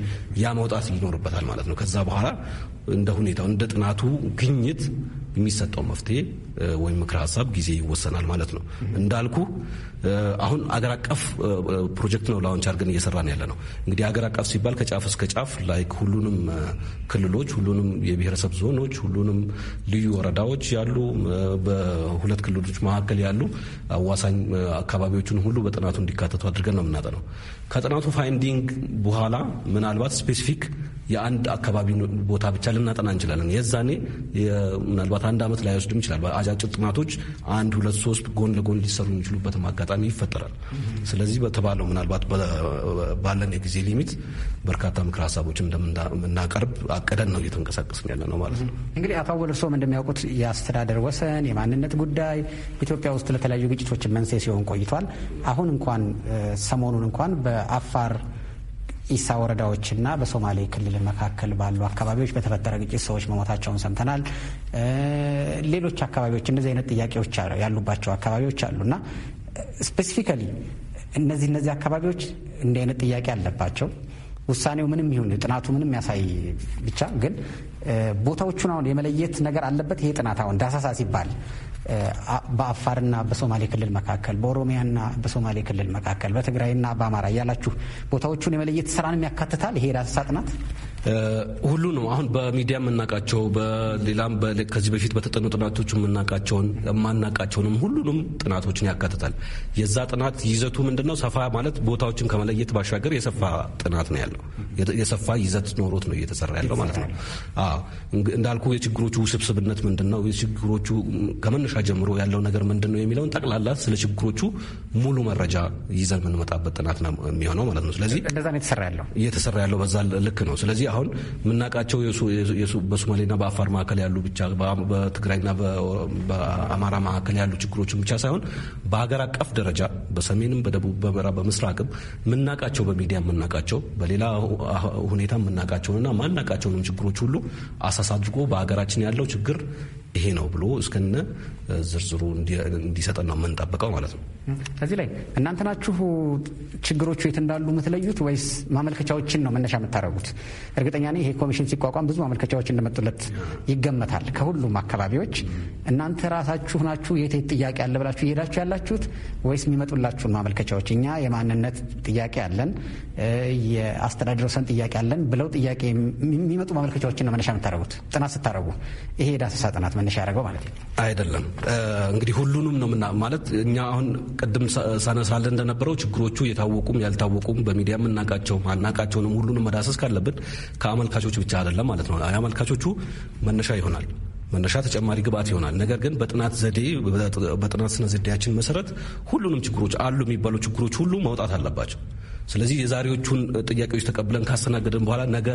ያ መውጣት ይኖርበታል ማለት ነው። ከዛ በኋላ እንደ ሁኔታው እንደ ጥናቱ ግኝት የሚሰጠው መፍትሄ ወይም ምክረ ሀሳብ ጊዜ ይወሰናል ማለት ነው። እንዳልኩ አሁን አገር አቀፍ ፕሮጀክት ነው ላውንች አድርገን እየሰራን ያለ ነው። እንግዲህ አገር አቀፍ ሲባል ከጫፍ እስከ ጫፍ ላይክ ሁሉንም ክልሎች፣ ሁሉንም የብሔረሰብ ዞኖች፣ ሁሉንም ልዩ ወረዳዎች ያሉ በሁለት ክልሎች መካከል ያሉ አዋሳኝ አካባቢዎችን ሁሉ በጥናቱ እንዲካተቱ አድርገን ነው የምናጠነው። ከጥናቱ ፋይንዲንግ በኋላ ምናልባት ስፔሲፊክ የአንድ አካባቢ ቦታ ብቻ ልናጠና እንችላለን። የዛኔ ምናልባት አንድ ዓመት ላይወስድም ይችላል። አጫጭር ጥናቶች አንድ ሁለት ሶስት ጎን ለጎን ሊሰሩ የሚችሉበትም አጋጣሚ ይፈጠራል። ስለዚህ በተባለው ምናልባት ባለን የጊዜ ሊሚት በርካታ ምክር ሀሳቦችን እንደምናቀርብ አቀደን ነው እየተንቀሳቀስን ያለ ነው ማለት ነው። እንግዲህ አቶ አወል እርስዎም እንደሚያውቁት የአስተዳደር ወሰን፣ የማንነት ጉዳይ ኢትዮጵያ ውስጥ ለተለያዩ ግጭቶችን መንስኤ ሲሆን ቆይቷል። አሁን እንኳን ሰሞኑን እንኳን በአፋር ኢሳ ወረዳዎችና በሶማሌ ክልል መካከል ባሉ አካባቢዎች በተፈጠረ ግጭት ሰዎች መሞታቸውን ሰምተናል። ሌሎች አካባቢዎች እነዚህ አይነት ጥያቄዎች ያሉባቸው አካባቢዎች እና ስፔሲፊካሊ እነዚህ እነዚህ አካባቢዎች እንዲህ አይነት ጥያቄ አለባቸው። ውሳኔው ምንም ይሁን ጥናቱ ምንም ያሳይ ብቻ ግን ቦታዎቹን አሁን የመለየት ነገር አለበት። ይሄ ጥናት አሁን ዳሰሳ ሲባል በአፋርና በሶማሌ ክልል መካከል፣ በኦሮሚያና በሶማሌ ክልል መካከል፣ በትግራይና በአማራ እያላችሁ ቦታዎቹን የመለየት ስራንም ያካትታል ይሄ ዳሰሳ ጥናት ነው። አሁን በሚዲያ የምናውቃቸው በሌላም ከዚህ በፊት በተጠኑ ጥናቶች የምናውቃቸውን የማናውቃቸውንም ሁሉንም ጥናቶችን ያካትታል። የዛ ጥናት ይዘቱ ምንድን ነው? ሰፋ ማለት ቦታዎችን ከመለየት ባሻገር የሰፋ ጥናት ነው ያለው። የሰፋ ይዘት ኖሮት ነው እየተሰራ ያለው ማለት ነው። እንዳልኩ የችግሮቹ ውስብስብነት ምንድን ነው፣ የችግሮቹ ከመነሻ ጀምሮ ያለው ነገር ምንድን ነው የሚለውን ጠቅላላ ስለ ችግሮቹ ሙሉ መረጃ ይዘን የምንመጣበት ጥናት ነው የሚሆነው ማለት ነው። ስለዚህ እንደዛ ነው የተሰራ ያለው በዛ ልክ ነው። ስለዚህ አሁን የምናውቃቸው በሶማሌና በአፋር መካከል ያሉ ብቻ በትግራይና በአማራ መካከል ያሉ ችግሮችን ብቻ ሳይሆን በሀገር አቀፍ ደረጃ በሰሜንም፣ በደቡብ፣ በምዕራብ፣ በምስራቅም የምናውቃቸው በሚዲያ የምናውቃቸው በሌላ ሁኔታ የምናውቃቸውንና ማናውቃቸውንም ችግሮች ሁሉ አሳሳድርጎ በሀገራችን ያለው ችግር ይሄ ነው ብሎ እስከነ ዝርዝሩ እንዲሰጠን ነው የምንጠብቀው ማለት ነው። ከዚህ ላይ እናንተ ናችሁ ችግሮቹ የት እንዳሉ የምትለዩት ወይስ ማመልከቻዎችን ነው መነሻ የምታደርጉት? እርግጠኛ ነኝ ይሄ ኮሚሽን ሲቋቋም ብዙ ማመልከቻዎች እንደመጡለት ይገመታል። ከሁሉም አካባቢዎች እናንተ ራሳችሁ ናችሁ የት የት ጥያቄ አለ ብላችሁ እየሄዳችሁ ያላችሁት ወይስ የሚመጡላችሁን ማመልከቻዎች እኛ የማንነት ጥያቄ አለን፣ የአስተዳደር ወሰን ጥያቄ አለን ብለው ጥያቄ የሚመጡ ማመልከቻዎችን ነው መነሻ የምታደርጉት? ጥናት ስታደርጉ ይሄ የዳሰሳ ጥናት መነሻ ያደረገው ማለት አይደለም። እንግዲህ ሁሉንም ነው ምና ማለት እኛ አሁን ቅድም ሳነሳለን እንደነበረው ችግሮቹ የታወቁም ያልታወቁም በሚዲያ የምናቃቸው አናውቃቸውንም ሁሉንም መዳሰስ ካለብን ከአመልካቾች ብቻ አይደለም ማለት ነው። የአመልካቾቹ መነሻ ይሆናል መነሻ ተጨማሪ ግብአት ይሆናል። ነገር ግን በጥናት ዘዴ በጥናት ስነ ዘዴያችን መሰረት ሁሉንም ችግሮች አሉ የሚባሉ ችግሮች ሁሉ መውጣት አለባቸው። ስለዚህ የዛሬዎቹን ጥያቄዎች ተቀብለን ካስተናገድን በኋላ ነገ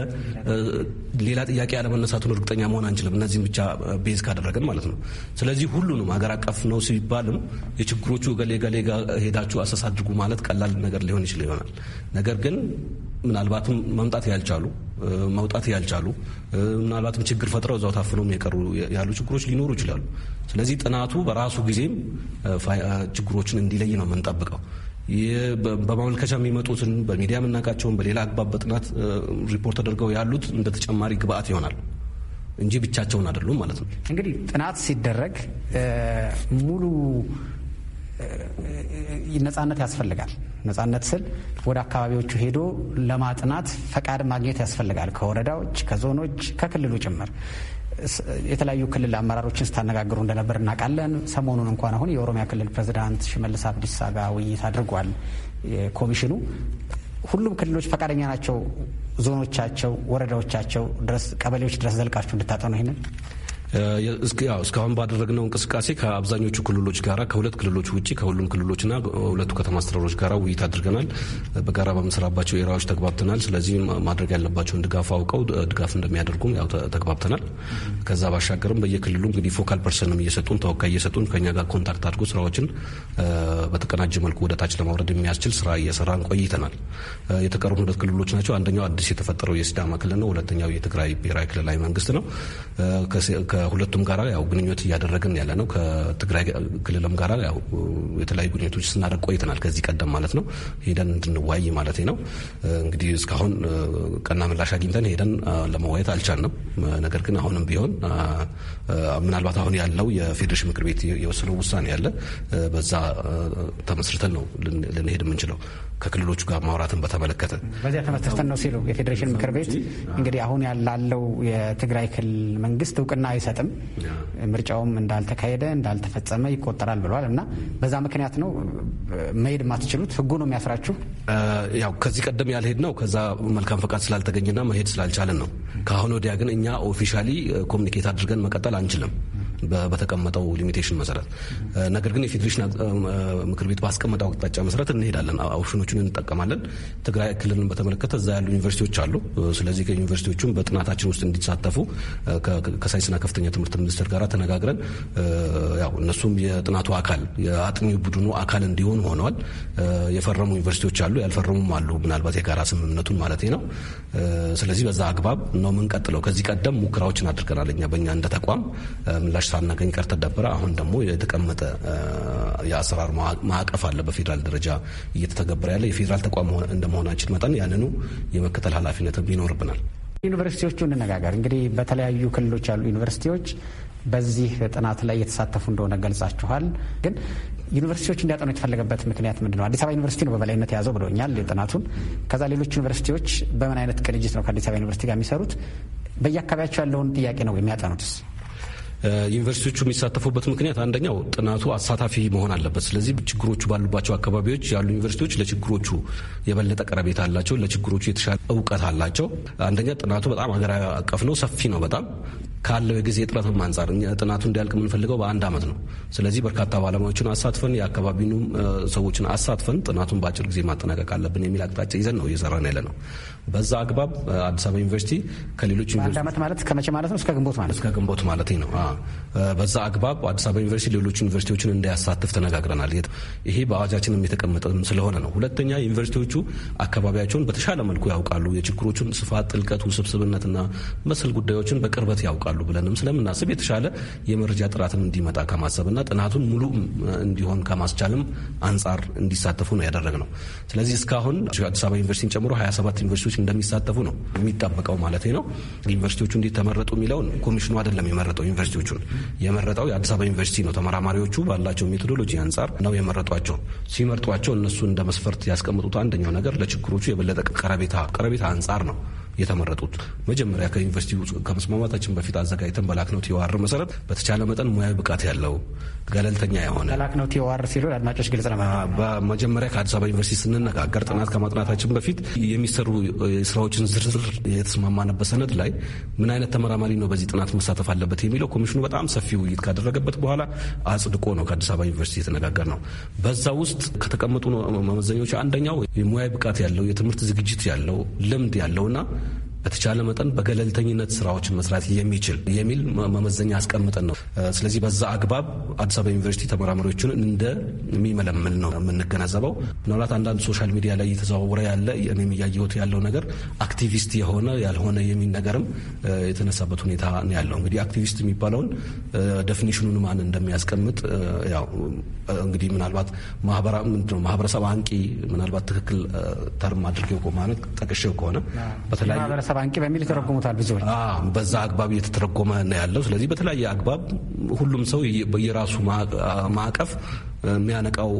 ሌላ ጥያቄ ያለመነሳቱን እርግጠኛ መሆን አንችልም፣ እነዚህም ብቻ ቤዝ ካደረግን ማለት ነው። ስለዚህ ሁሉንም አገር አቀፍ ነው ሲባልም የችግሮቹ ገሌ ገሌ ጋር ሄዳችሁ አሰሳ አድርጉ ማለት ቀላል ነገር ሊሆን ይችል ይሆናል። ነገር ግን ምናልባትም መምጣት ያልቻሉ መውጣት ያልቻሉ ምናልባትም ችግር ፈጥረው እዛው ታፍነውም የቀሩ ያሉ ችግሮች ሊኖሩ ይችላሉ። ስለዚህ ጥናቱ በራሱ ጊዜም ችግሮችን እንዲለይ ነው የምንጠብቀው። በማመልከቻ የሚመጡትን በሚዲያ የምናውቃቸውን በሌላ አግባብ በጥናት ሪፖርት ተደርገው ያሉት እንደ ተጨማሪ ግብአት ይሆናል እንጂ ብቻቸውን አይደሉም ማለት ነው። እንግዲህ ጥናት ሲደረግ ሙሉ ነጻነት ያስፈልጋል። ነጻነት ስል ወደ አካባቢዎቹ ሄዶ ለማጥናት ፈቃድ ማግኘት ያስፈልጋል። ከወረዳዎች፣ ከዞኖች፣ ከክልሉ ጭምር የተለያዩ ክልል አመራሮችን ስታነጋግሩ እንደነበር እናውቃለን። ሰሞኑን እንኳን አሁን የኦሮሚያ ክልል ፕሬዚዳንት ሽመልስ አብዲሳ ጋር ውይይት አድርጓል ኮሚሽኑ። ሁሉም ክልሎች ፈቃደኛ ናቸው ዞኖቻቸው፣ ወረዳዎቻቸው ድረስ ቀበሌዎች ድረስ ዘልቃችሁ እንድታጠኑ ይህንን እስካሁን ባደረግነው እንቅስቃሴ ከአብዛኞቹ ክልሎች ጋራ ከሁለት ክልሎች ውጭ ከሁሉም ክልሎችና ሁለቱ ከተማ አስተዳደሮች ጋራ ውይይት አድርገናል። በጋራ በምንሰራባቸው ኤራዎች ተግባብተናል። ስለዚህ ማድረግ ያለባቸውን ድጋፍ አውቀው ድጋፍ እንደሚያደርጉም ያው ተግባብተናል። ከዛ ባሻገርም በየክልሉ እንግዲህ ፎካል ፐርሰንም እየሰጡን ተወካይ እየሰጡን ከኛ ጋር ኮንታክት አድርጎ ስራዎችን በተቀናጀ መልኩ ወደታች ለማውረድ የሚያስችል ስራ እየሰራን ቆይተናል። የተቀሩ ሁለት ክልሎች ናቸው። አንደኛው አዲስ የተፈጠረው የሲዳማ ክልል ነው። ሁለተኛው የትግራይ ብሔራዊ ክልላዊ መንግስት ነው። ከሁለቱም ጋራ ያው ግንኙነት እያደረግን ያለ ነው። ከትግራይ ክልልም ጋራ ያው የተለያዩ ግንኙነቶች ስናደርግ ቆይተናል። ከዚህ ቀደም ማለት ነው ሄደን እንድንወያይ ማለት ነው። እንግዲህ እስካሁን ቀና ምላሽ አግኝተን ሄደን ለመወያየት አልቻልንም። ነገር ግን አሁንም ቢሆን ምናልባት አሁን ያለው የፌዴሬሽን ምክር ቤት የወሰነው ውሳኔ ያለ በዛ ተመስርተን ነው ልንሄድ የምንችለው ከክልሎቹ ጋር ማውራትን በተመለከተ በዚያ ተመስርተን ነው ሲሉ የፌዴሬሽን ምክር ቤት እንግዲህ አሁን ያላለው የትግራይ ክልል መንግስት እውቅና አይሰጥም፣ ምርጫውም እንዳልተካሄደ እንዳልተፈጸመ ይቆጠራል ብለዋል እና በዛ ምክንያት ነው መሄድ ማትችሉት። ህጉ ነው የሚያስራችሁ። ያው ከዚህ ቀደም ያልሄድ ነው ከዛ መልካም ፈቃድ ስላልተገኘና መሄድ ስላልቻለን ነው። ከአሁን ወዲያ ግን እኛ ኦፊሻሊ ኮሚኒኬት አድርገን መቀጠል አንችልም። በተቀመጠው ሊሚቴሽን መሰረት። ነገር ግን የፌዴሬሽን ምክር ቤት ባስቀመጠው አቅጣጫ መሰረት እንሄዳለን፣ ኦፕሽኖቹን እንጠቀማለን። ትግራይ ክልልን በተመለከተ እዛ ያሉ ዩኒቨርሲቲዎች አሉ። ስለዚህ ከዩኒቨርሲቲዎቹም በጥናታችን ውስጥ እንዲሳተፉ ከሳይንስና ከፍተኛ ትምህርት ሚኒስቴር ጋር ተነጋግረን ያው እነሱም የጥናቱ አካል የአጥኚ ቡድኑ አካል እንዲሆን ሆነዋል። የፈረሙ ዩኒቨርሲቲዎች አሉ፣ ያልፈረሙም አሉ። ምናልባት የጋራ ስምምነቱን ማለት ነው። ስለዚህ በዛ አግባብ ነው የምንቀጥለው። ከዚህ ቀደም ሙከራዎችን አድርገናል እኛ በእኛ እንደ ተቋም ምላሽ ሳናገኝ ቀርተ ነበረ። አሁን ደግሞ የተቀመጠ የአሰራር ማዕቀፍ አለ በፌዴራል ደረጃ እየተተገበረ ያለ የፌዴራል ተቋም እንደመሆናችን መጠን ያንኑ የመከተል ኃላፊነት ይኖርብናል። ዩኒቨርሲቲዎቹ እንነጋገር እንግዲህ በተለያዩ ክልሎች ያሉ ዩኒቨርሲቲዎች በዚህ ጥናት ላይ እየተሳተፉ እንደሆነ ገልጻችኋል። ግን ዩኒቨርሲቲዎች እንዲያጠኑ የተፈለገበት ምክንያት ምንድን ነው? አዲስ አበባ ዩኒቨርሲቲ ነው በበላይነት የያዘው ብሎኛል ጥናቱን። ከዛ ሌሎች ዩኒቨርሲቲዎች በምን አይነት ቅንጅት ነው ከአዲስ አበባ ዩኒቨርሲቲ ጋር የሚሰሩት? በየአካባቢያቸው ያለውን ጥያቄ ነው የሚያጠኑትስ? ዩኒቨርሲቲዎቹ የሚሳተፉበት ምክንያት አንደኛው ጥናቱ አሳታፊ መሆን አለበት። ስለዚህ ችግሮቹ ባሉባቸው አካባቢዎች ያሉ ዩኒቨርሲቲዎች ለችግሮቹ የበለጠ ቀረቤት አላቸው፣ ለችግሮቹ የተሻለ እውቀት አላቸው። አንደኛ ጥናቱ በጣም ሀገር አቀፍ ነው፣ ሰፊ ነው በጣም ካለው የጊዜ እጥረትም አንጻር ጥናቱ እንዲያልቅ የምንፈልገው በአንድ ዓመት ነው። ስለዚህ በርካታ ባለሙያዎችን አሳትፈን የአካባቢውንም ሰዎችን አሳትፈን ጥናቱን በአጭር ጊዜ ማጠናቀቅ አለብን የሚል አቅጣጫ ይዘን ነው እየሰራን ያለ ነው። በዛ አግባብ አዲስ አበባ ዩኒቨርሲቲ ከሌሎች አንድ ዓመት ማለት ከመቼ ማለት ነው? እስከ ግንቦት ማለት እስከ ግንቦት ማለት ነው። በዛ አግባብ አዲስ አበባ ዩኒቨርሲቲ ሌሎች ዩኒቨርሲቲዎችን እንዳያሳትፍ ተነጋግረናል። ይሄ በአዋጃችንም የተቀመጠም ስለሆነ ነው። ሁለተኛ ዩኒቨርሲቲዎቹ አካባቢያቸውን በተሻለ መልኩ ያውቃሉ፣ የችግሮቹን ስፋት፣ ጥልቀት፣ ውስብስብነትና መሰል ጉዳዮችን በቅርበት ያውቃሉ ብለንም ስለምናስብ የተሻለ የመረጃ ጥራትን እንዲመጣ ከማሰብና ጥናቱን ሙሉ እንዲሆን ከማስቻልም አንጻር እንዲሳተፉ ነው ነው። ስለዚህ እስካሁን አዲስ አበባ ዩኒቨርሲቲን ጨምሮ 27 ዩኒቨርሲቲዎች እንደሚሳተፉ ነው የሚጠበቀው ማለት ነው። ዩኒቨርሲቲዎቹ እንዴት ተመረጡ የሚለውን ኮሚሽኑ አይደለም የመረጠው ዩኒቨርሲቲ ሜቶዶሎጂዎቹን የመረጠው የአዲስ አበባ ዩኒቨርሲቲ ነው። ተመራማሪዎቹ ባላቸው ሜቶዶሎጂ አንጻር ነው የመረጧቸው። ሲመርጧቸው እነሱ እንደ መስፈርት ያስቀምጡት አንደኛው ነገር ለችግሮቹ የበለጠ ቀረቤታ ቀረቤታ አንጻር ነው የተመረጡት። መጀመሪያ ከዩኒቨርሲቲ ከመስማማታችን በፊት አዘጋጅተን በላክነው ቲዋር መሰረት በተቻለ መጠን ሙያዊ ብቃት ያለው ገለልተኛ የሆነ በላክነው ቲዋር ሲሉ አድማጮች ግልጽ ነው። ከአዲስ አበባ ዩኒቨርሲቲ ስንነጋገር ጥናት ከማጥናታችን በፊት የሚሰሩ ስራዎችን ዝርዝር የተስማማነበት ሰነድ ላይ ምን አይነት ተመራማሪ ነው በዚህ ጥናት መሳተፍ አለበት የሚለው ኮሚሽኑ በጣም ሰፊ ውይይት ካደረገበት በኋላ አጽድቆ ነው ከአዲስ አበባ ዩኒቨርሲቲ የተነጋገር ነው። በዛ ውስጥ ከተቀመጡ መመዘኞች አንደኛው የሙያዊ ብቃት ያለው የትምህርት ዝግጅት ያለው ልምድ ያለውና በተቻለ መጠን በገለልተኝነት ስራዎችን መስራት የሚችል የሚል መመዘኛ አስቀምጠን ነው። ስለዚህ በዛ አግባብ አዲስ አበባ ዩኒቨርሲቲ ተመራማሪዎችን እንደሚመለምል ነው የምንገነዘበው። ምናልባት አንዳንድ ሶሻል ሚዲያ ላይ እየተዘዋወረ ያለ እኔም እያየሁት ያለው ነገር አክቲቪስት የሆነ ያልሆነ የሚል ነገርም የተነሳበት ሁኔታ ነው ያለው። እንግዲህ አክቲቪስት የሚባለውን ደፊኒሽኑን ማን እንደሚያስቀምጥ ያው እንግዲህ ምናልባት ማህበረሰብ አንቂ ምናልባት ትክክል ተርም አድርጌው ማለት ጠቅሼው ከሆነ በተለያዩ ቤተሰብ አንቂ በሚል ይተረጉሙታል ብዙዎች። በዛ አግባብ እየተተረጎመ ነው ያለው። ስለዚህ በተለያየ አግባብ ሁሉም ሰው በየራሱ ማዕቀፍ የሚያነቃው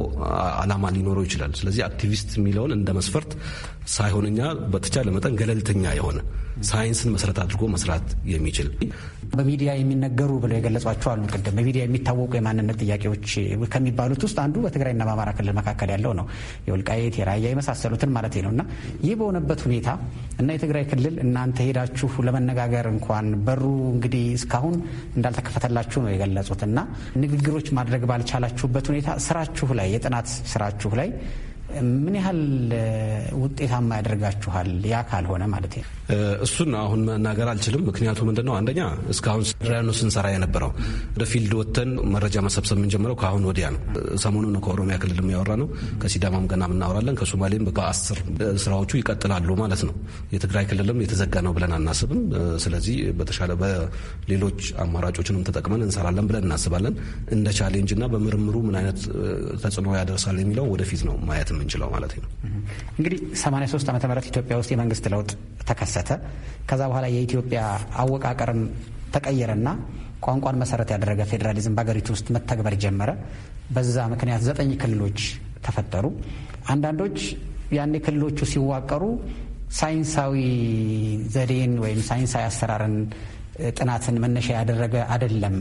አላማ ሊኖረው ይችላል። ስለዚህ አክቲቪስት የሚለውን እንደ መስፈርት ሳይሆን እኛ በተቻለ መጠን ገለልተኛ የሆነ ሳይንስን መሰረት አድርጎ መስራት የሚችል በሚዲያ የሚነገሩ ብለው የገለጿቸው አሉ። ቅድም በሚዲያ የሚታወቁ የማንነት ጥያቄዎች ከሚባሉት ውስጥ አንዱ በትግራይና በአማራ ክልል መካከል ያለው ነው። የወልቃየት የራያ የመሳሰሉትን ማለት ነው እና ይህ በሆነበት ሁኔታ እና የትግራይ ክልል እናንተ ሄዳችሁ ለመነጋገር እንኳን በሩ እንግዲህ እስካሁን እንዳልተከፈተላችሁ ነው የገለጹት እና ንግግሮች ማድረግ ባልቻላችሁበት ሁኔታ ስራችሁ ላይ የጥናት ስራችሁ ላይ ምን ያህል ውጤታማ ያደርጋችኋል? ያ ካልሆነ ማለት ነው። እሱን አሁን መናገር አልችልም። ምክንያቱ ምንድን ነው? አንደኛ እስካሁን ሪያኖ ስንሰራ የነበረው ወደ ፊልድ ወጥተን መረጃ መሰብሰብ የምንጀምረው ከአሁን ወዲያ ነው። ሰሞኑን ከኦሮሚያ ክልልም ያወራ ነው፣ ከሲዳማም ገና እናወራለን፣ ከሶማሌም በአስር ስራዎቹ ይቀጥላሉ ማለት ነው። የትግራይ ክልልም የተዘጋ ነው ብለን አናስብም። ስለዚህ በተሻለ በሌሎች አማራጮችንም ተጠቅመን እንሰራለን ብለን እናስባለን። እንደ ቻሌንጅ እና በምርምሩ ምን አይነት ተጽዕኖ ያደርሳል የሚለው ወደፊት ነው ማየት የምንችለው ማለት ነው። እንግዲህ 83 ዓመተ ምህረት ኢትዮጵያ ውስጥ የመንግስት ለውጥ ተከሰተ። ከዛ በኋላ የኢትዮጵያ አወቃቀርም ተቀየረና ቋንቋን መሰረት ያደረገ ፌዴራሊዝም በሀገሪቱ ውስጥ መተግበር ጀመረ። በዛ ምክንያት ዘጠኝ ክልሎች ተፈጠሩ። አንዳንዶች ያኔ ክልሎቹ ሲዋቀሩ ሳይንሳዊ ዘዴን ወይም ሳይንሳዊ አሰራርን ጥናትን መነሻ ያደረገ አይደለም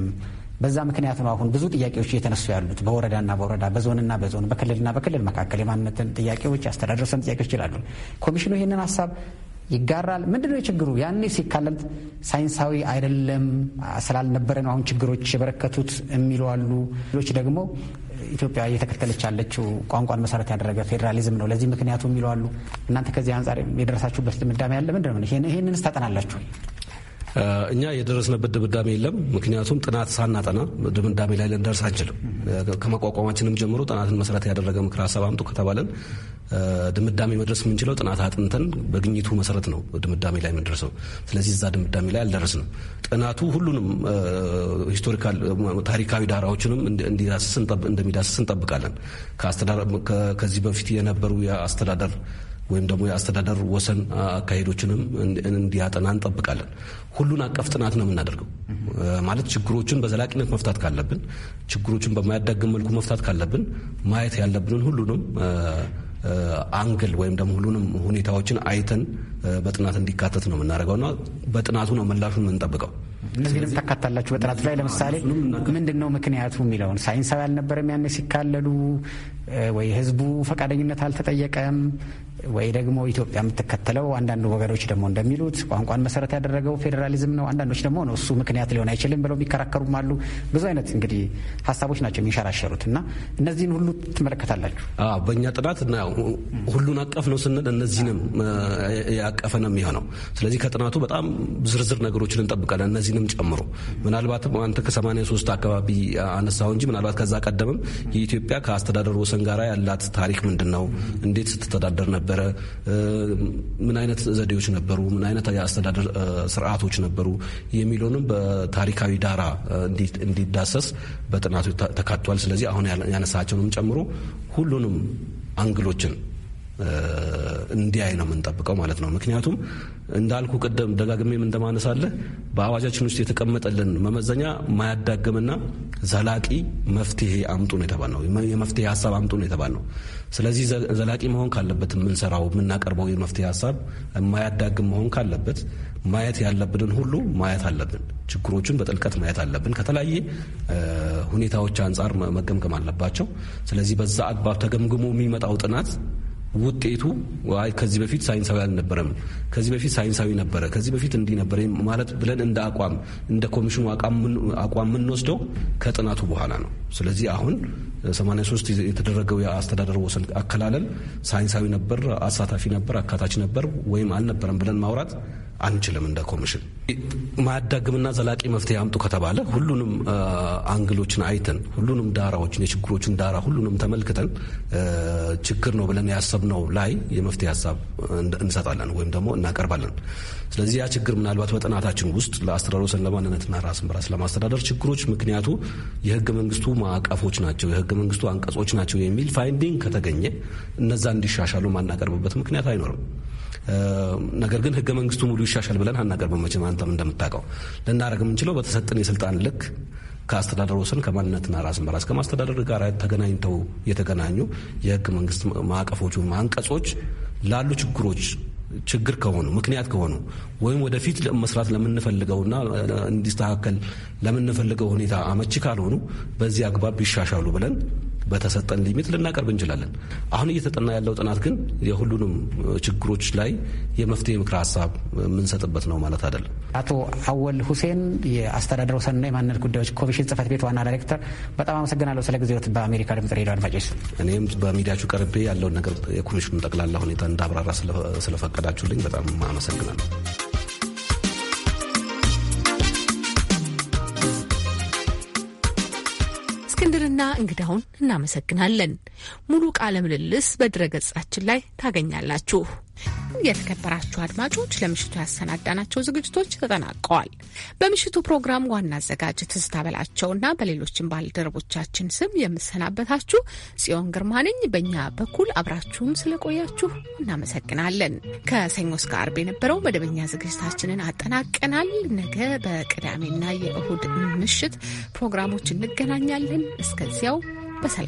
በዛ ምክንያት ነው አሁን ብዙ ጥያቄዎች እየተነሱ ያሉት በወረዳና በወረዳ በዞንና በዞን በክልልና በክልል መካከል የማንነትን ጥያቄዎች ያስተዳደርሰን ጥያቄዎች ይችላሉ። ኮሚሽኑ ይህንን ሀሳብ ይጋራል። ምንድነው የችግሩ? ያኔ ሲካለል ሳይንሳዊ አይደለም ስላልነበረ ነው አሁን ችግሮች የበረከቱት የሚሉ አሉ። ሌሎች ደግሞ ኢትዮጵያ እየተከተለች ያለችው ቋንቋን መሰረት ያደረገ ፌዴራሊዝም ነው ለዚህ ምክንያቱ የሚሉ አሉ። እናንተ ከዚህ አንጻር የደረሳችሁበት ድምዳሜ ያለ ምንድነው? ይህንንስ ታጠናላችሁ? እኛ የደረስንበት ድምዳሜ የለም። ምክንያቱም ጥናት ሳናጠና ድምዳሜ ላይ ልንደርስ አንችልም። ከመቋቋማችንም ጀምሮ ጥናትን መሰረት ያደረገ ምክር ሀሳብ አምጡ ከተባለን ድምዳሜ መድረስ የምንችለው ጥናት አጥንተን በግኝቱ መሰረት ነው ድምዳሜ ላይ የምንደርሰው። ስለዚህ እዛ ድምዳሜ ላይ አልደረስንም። ጥናቱ ሁሉንም ሂስቶሪካል ታሪካዊ ዳራዎችንም እንደሚዳስስ እንጠብቃለን። ከዚህ በፊት የነበሩ የአስተዳደር ወይም ደግሞ የአስተዳደር ወሰን አካሄዶችንም እንዲያጠና እንጠብቃለን። ሁሉን አቀፍ ጥናት ነው የምናደርገው። ማለት ችግሮችን በዘላቂነት መፍታት ካለብን፣ ችግሮችን በማያዳግም መልኩ መፍታት ካለብን ማየት ያለብንን ሁሉንም አንግል ወይም ደግሞ ሁሉንም ሁኔታዎችን አይተን በጥናት እንዲካተት ነው የምናደርገውና በጥናቱ ነው ምላሹን የምንጠብቀው። እነዚህንም ታካታላችሁ በጥናቱ ላይ ለምሳሌ ምንድን ነው ምክንያቱ የሚለውን ሳይንሳዊ አልነበረም ያኔ ሲካለሉ ወይ ህዝቡ ፈቃደኝነት አልተጠየቀም ወይ ደግሞ ኢትዮጵያ የምትከተለው አንዳንድ ወገኖች ደግሞ እንደሚሉት ቋንቋን መሰረት ያደረገው ፌዴራሊዝም ነው፣ አንዳንዶች ደግሞ ነው እሱ ምክንያት ሊሆን አይችልም ብለው የሚከራከሩም አሉ። ብዙ አይነት እንግዲህ ሀሳቦች ናቸው የሚንሸራሸሩት እና እነዚህን ሁሉ ትመለከታላችሁ? በእኛ ጥናት እና ሁሉን አቀፍ ነው ስንል እነዚህንም ያቀፈ ነው የሚሆነው። ስለዚህ ከጥናቱ በጣም ዝርዝር ነገሮችን እንጠብቃለን እነዚህንም ጨምሮ ምናልባትም አንተ ከ83 አካባቢ አነሳው እንጂ ምናልባት ከዛ ቀደምም የኢትዮጵያ ከአስተዳደር ወሰን ጋራ ያላት ታሪክ ምንድን ነው? እንዴት ስትተዳደር ነበር ነበረ፣ ምን አይነት ዘዴዎች ነበሩ፣ ምን አይነት የአስተዳደር ስርዓቶች ነበሩ የሚለውንም በታሪካዊ ዳራ እንዲዳሰስ በጥናቱ ተካቷል። ስለዚህ አሁን ያነሳቸውንም ጨምሮ ሁሉንም አንግሎችን እንዲያይ ነው የምንጠብቀው ማለት ነው። ምክንያቱም እንዳልኩ ቅድም ደጋግሜም እንደማነሳለህ በአዋጃችን ውስጥ የተቀመጠልን መመዘኛ ማያዳግምና ዘላቂ መፍትሄ አምጡ ነው የተባልነው። የመፍትሄ ሀሳብ አምጡ ነው የተባልነው። ስለዚህ ዘላቂ መሆን ካለበት የምንሰራው የምናቀርበው የመፍትሄ ሀሳብ የማያዳግም መሆን ካለበት ማየት ያለብንን ሁሉ ማየት አለብን። ችግሮቹን በጥልቀት ማየት አለብን። ከተለያየ ሁኔታዎች አንጻር መገምገም አለባቸው። ስለዚህ በዛ አግባብ ተገምግሞ የሚመጣው ጥናት ውጤቱ ከዚህ በፊት ሳይንሳዊ አልነበረም፣ ከዚህ በፊት ሳይንሳዊ ነበረ፣ ከዚህ በፊት እንዲህ ነበረ ማለት ብለን እንደ አቋም እንደ ኮሚሽኑ አቋም የምንወስደው ከጥናቱ በኋላ ነው። ስለዚህ አሁን 83 የተደረገው የአስተዳደር ወሰን አከላለል ሳይንሳዊ ነበር፣ አሳታፊ ነበር፣ አካታች ነበር ወይም አልነበረም ብለን ማውራት አንችልም እንደ ኮሚሽን። ማያዳግምና ዘላቂ መፍትሄ አምጡ ከተባለ ሁሉንም አንግሎችን አይተን ሁሉንም ዳራዎችን የችግሮችን ዳራ ሁሉንም ተመልክተን ችግር ነው ብለን ያሰብነው ላይ የመፍትሄ ሀሳብ እንሰጣለን ወይም ደግሞ እናቀርባለን። ስለዚህ ያ ችግር ምናልባት በጥናታችን ውስጥ ለአስተዳደሮሰን ለማንነትና ራስን በራስ ለማስተዳደር ችግሮች ምክንያቱ የህገ መንግስቱ ማዕቀፎች ናቸው፣ የህገ መንግስቱ አንቀጾች ናቸው የሚል ፋይንዲንግ ከተገኘ እነዛ እንዲሻሻሉ ማናቀርብበት ምክንያት አይኖርም። ነገር ግን ህገ መንግስቱ ሙሉ ይሻሻል ብለን አናገር መቼም አንተም እንደምታውቀው ልናደርግ የምንችለው በተሰጠን የስልጣን ልክ ከአስተዳደር ወሰን ከማንነትና ራስን በራስ ከማስተዳደር ጋር ተገናኝተው የተገናኙ የህገ መንግስት ማዕቀፎቹ አንቀጾች ላሉ ችግሮች ችግር ከሆኑ ምክንያት ከሆኑ ወይም ወደፊት መስራት ለምንፈልገውና እንዲስተካከል ለምንፈልገው ሁኔታ አመቺ ካልሆኑ በዚህ አግባብ ይሻሻሉ ብለን በተሰጠን ሊሚት ልናቀርብ እንችላለን። አሁን እየተጠና ያለው ጥናት ግን የሁሉንም ችግሮች ላይ የመፍትሄ ምክረ ሀሳብ የምንሰጥበት ነው ማለት አይደለም። አቶ አወል ሁሴን የአስተዳደር ወሰንና የማንነት ጉዳዮች ኮሚሽን ጽህፈት ቤት ዋና ዳይሬክተር፣ በጣም አመሰግናለሁ ስለ ጊዜዎት በአሜሪካ ድምጽ ሬዲዮ አድማጮች። እኔም በሚዲያችሁ ቀርቤ ያለውን ነገር የኮሚሽኑ ጠቅላላ ሁኔታ እንዳብራራ ስለፈቀዳችሁልኝ በጣም አመሰግናለሁ። እስክንድርና እንግዳውን እናመሰግናለን። ሙሉ ቃለ ምልልስ በድረገጻችን ላይ ታገኛላችሁ። የተከበራችሁ አድማጮች ለምሽቱ ያሰናዳናቸው ዝግጅቶች ተጠናቀዋል። በምሽቱ ፕሮግራም ዋና አዘጋጅ ትዝታ በላቸውና በሌሎችም ባልደረቦቻችን ስም የምሰናበታችሁ ጽዮን ግርማ ነኝ። በእኛ በኩል አብራችሁን ስለቆያችሁ እናመሰግናለን። ከሰኞ እስከ አርብ የነበረው መደበኛ ዝግጅታችንን አጠናቀናል። ነገ በቅዳሜና የእሁድ ምሽት ፕሮግራሞች እንገናኛለን። እስከዚያው በሰላም